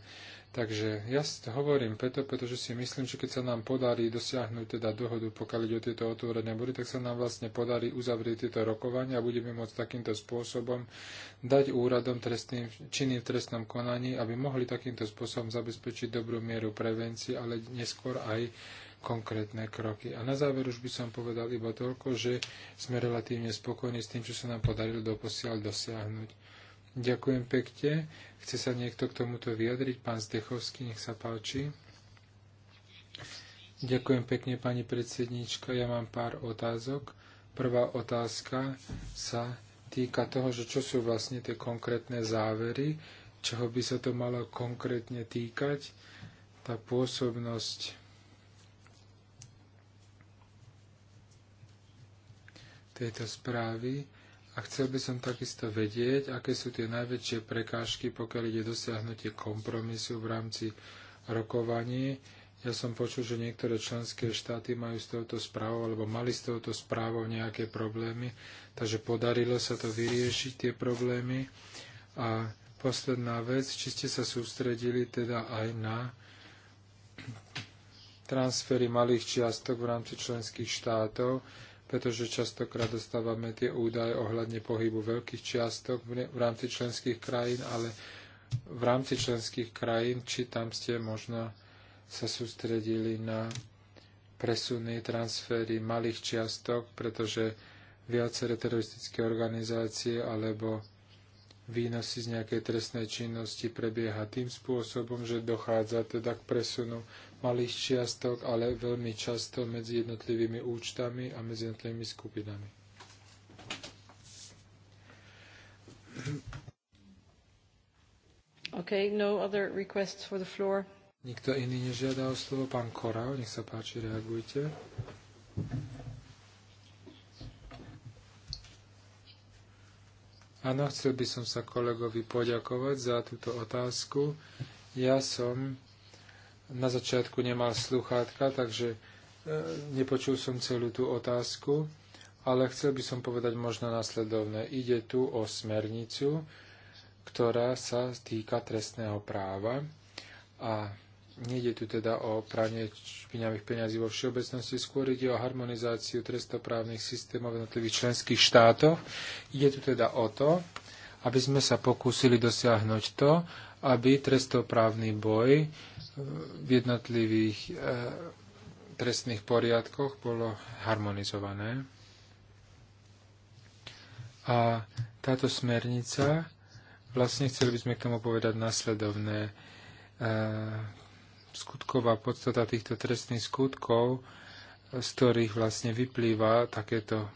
Takže ja hovorím preto, pretože si myslím, že keď sa nám podarí dosiahnuť teda dohodu, pokiaľ ide o tieto otvorené body, tak sa nám vlastne podarí uzavrieť tieto rokovania a budeme môcť takýmto spôsobom dať úradom trestným, činným v trestnom konaní, aby mohli takýmto spôsobom zabezpečiť dobrú mieru prevencie, ale neskôr aj konkrétne kroky. A na záver už by som povedal iba toľko, že sme relatívne spokojní s tým, čo sa nám podarilo doposiaľ dosiahnuť. Ďakujem pekne. Chce sa niekto k tomuto vyjadriť? Pán Zdechovský, nech sa páči. Ďakujem pekne, pani predsednička. Ja mám pár otázok. Prvá otázka sa týka toho, že čo sú vlastne tie konkrétne závery, čoho by sa to malo konkrétne týkať, tá pôsobnosť tejto správy a chcel by som takisto vedieť, aké sú tie najväčšie prekážky, pokiaľ ide dosiahnutie kompromisu v rámci rokovaní. Ja som počul, že niektoré členské štáty majú s touto správou alebo mali s touto správou nejaké problémy, takže podarilo sa to vyriešiť, tie problémy. A posledná vec, či ste sa sústredili teda aj na transfery malých čiastok v rámci členských štátov, pretože častokrát dostávame tie údaje ohľadne pohybu veľkých čiastok v rámci členských krajín, ale v rámci členských krajín, či tam ste možno sa sústredili na presuny, transfery malých čiastok, pretože viaceré teroristické organizácie alebo výnosy z nejakej trestnej činnosti prebieha tým spôsobom, že dochádza teda k presunu malých čiastok, ale veľmi často medzi jednotlivými účtami a medzi jednotlivými skupinami. Okay, no other requests for the floor. Nikto iný nežiada o slovo. Pán Korau, nech sa páči, reagujte. Áno, chcel by som sa kolegovi poďakovať za túto otázku. Ja som na začiatku nemal sluchátka, takže e, nepočul som celú tú otázku, ale chcel by som povedať možno následovné. Ide tu o smernicu, ktorá sa týka trestného práva a nejde tu teda o pranie špinavých peňazí vo všeobecnosti, skôr ide o harmonizáciu trestoprávnych systémov v jednotlivých členských štátoch. Ide tu teda o to, aby sme sa pokúsili dosiahnuť to, aby trestoprávny boj v jednotlivých e, trestných poriadkoch bolo harmonizované. A táto smernica, vlastne chceli by sme k tomu povedať následovné. E, skutková podstata týchto trestných skutkov, z ktorých vlastne vyplýva takéto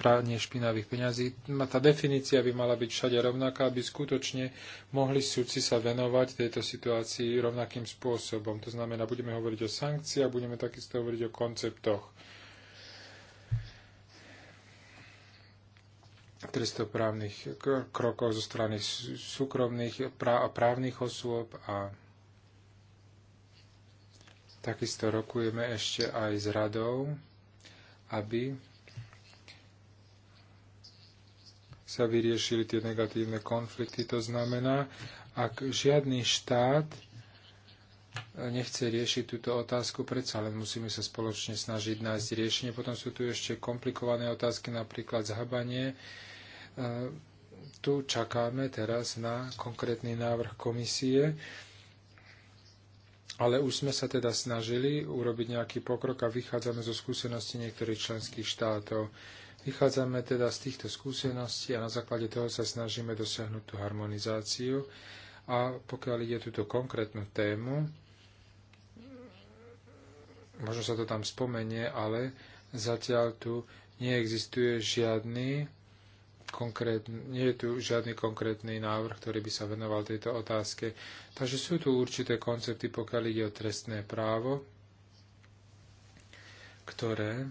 pranie špinavých peňazí. Tá definícia by mala byť všade rovnaká, aby skutočne mohli súci sa venovať tejto situácii rovnakým spôsobom. To znamená, budeme hovoriť o sankciách, budeme takisto hovoriť o konceptoch trestoprávnych krokov zo strany súkromných a právnych osôb a takisto rokujeme ešte aj s radou, aby sa vyriešili tie negatívne konflikty. To znamená, ak žiadny štát nechce riešiť túto otázku, predsa len musíme sa spoločne snažiť nájsť riešenie. Potom sú tu ešte komplikované otázky, napríklad zhabanie. E, tu čakáme teraz na konkrétny návrh komisie, ale už sme sa teda snažili urobiť nejaký pokrok a vychádzame zo skúseností niektorých členských štátov. Vychádzame teda z týchto skúseností a na základe toho sa snažíme dosiahnuť tú harmonizáciu. A pokiaľ ide túto konkrétnu tému, možno sa to tam spomenie, ale zatiaľ tu neexistuje žiadny konkrétny, nie je tu žiadny konkrétny návrh, ktorý by sa venoval tejto otázke. Takže sú tu určité koncepty, pokiaľ ide o trestné právo, ktoré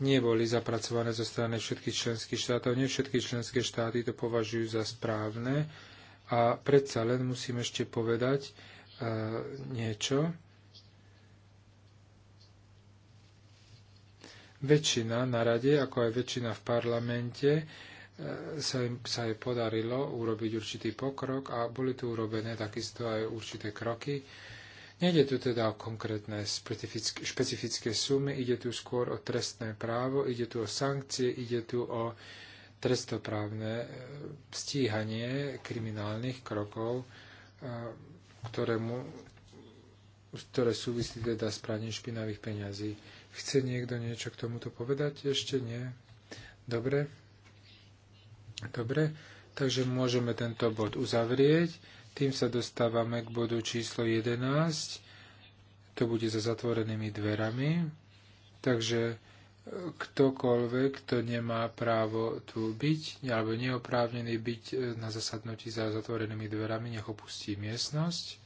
neboli zapracované zo strany všetkých členských štátov. Nie všetky členské štáty to považujú za správne a predsa len musím ešte povedať uh, niečo. Väčšina na rade, ako aj väčšina v parlamente, e, sa im sa jej podarilo urobiť určitý pokrok a boli tu urobené takisto aj určité kroky. Nejde tu teda o konkrétne špecifické sumy, ide tu skôr o trestné právo, ide tu o sankcie, ide tu o trestoprávne e, stíhanie kriminálnych krokov, e, ktorému, ktoré súvisí teda s praním špinavých peňazí. Chce niekto niečo k tomuto povedať? Ešte nie? Dobre? Dobre? Takže môžeme tento bod uzavrieť. Tým sa dostávame k bodu číslo 11. To bude za zatvorenými dverami. Takže e, ktokoľvek, kto nemá právo tu byť, alebo neoprávnený byť e, na zasadnutí za zatvorenými dverami, nech opustí miestnosť.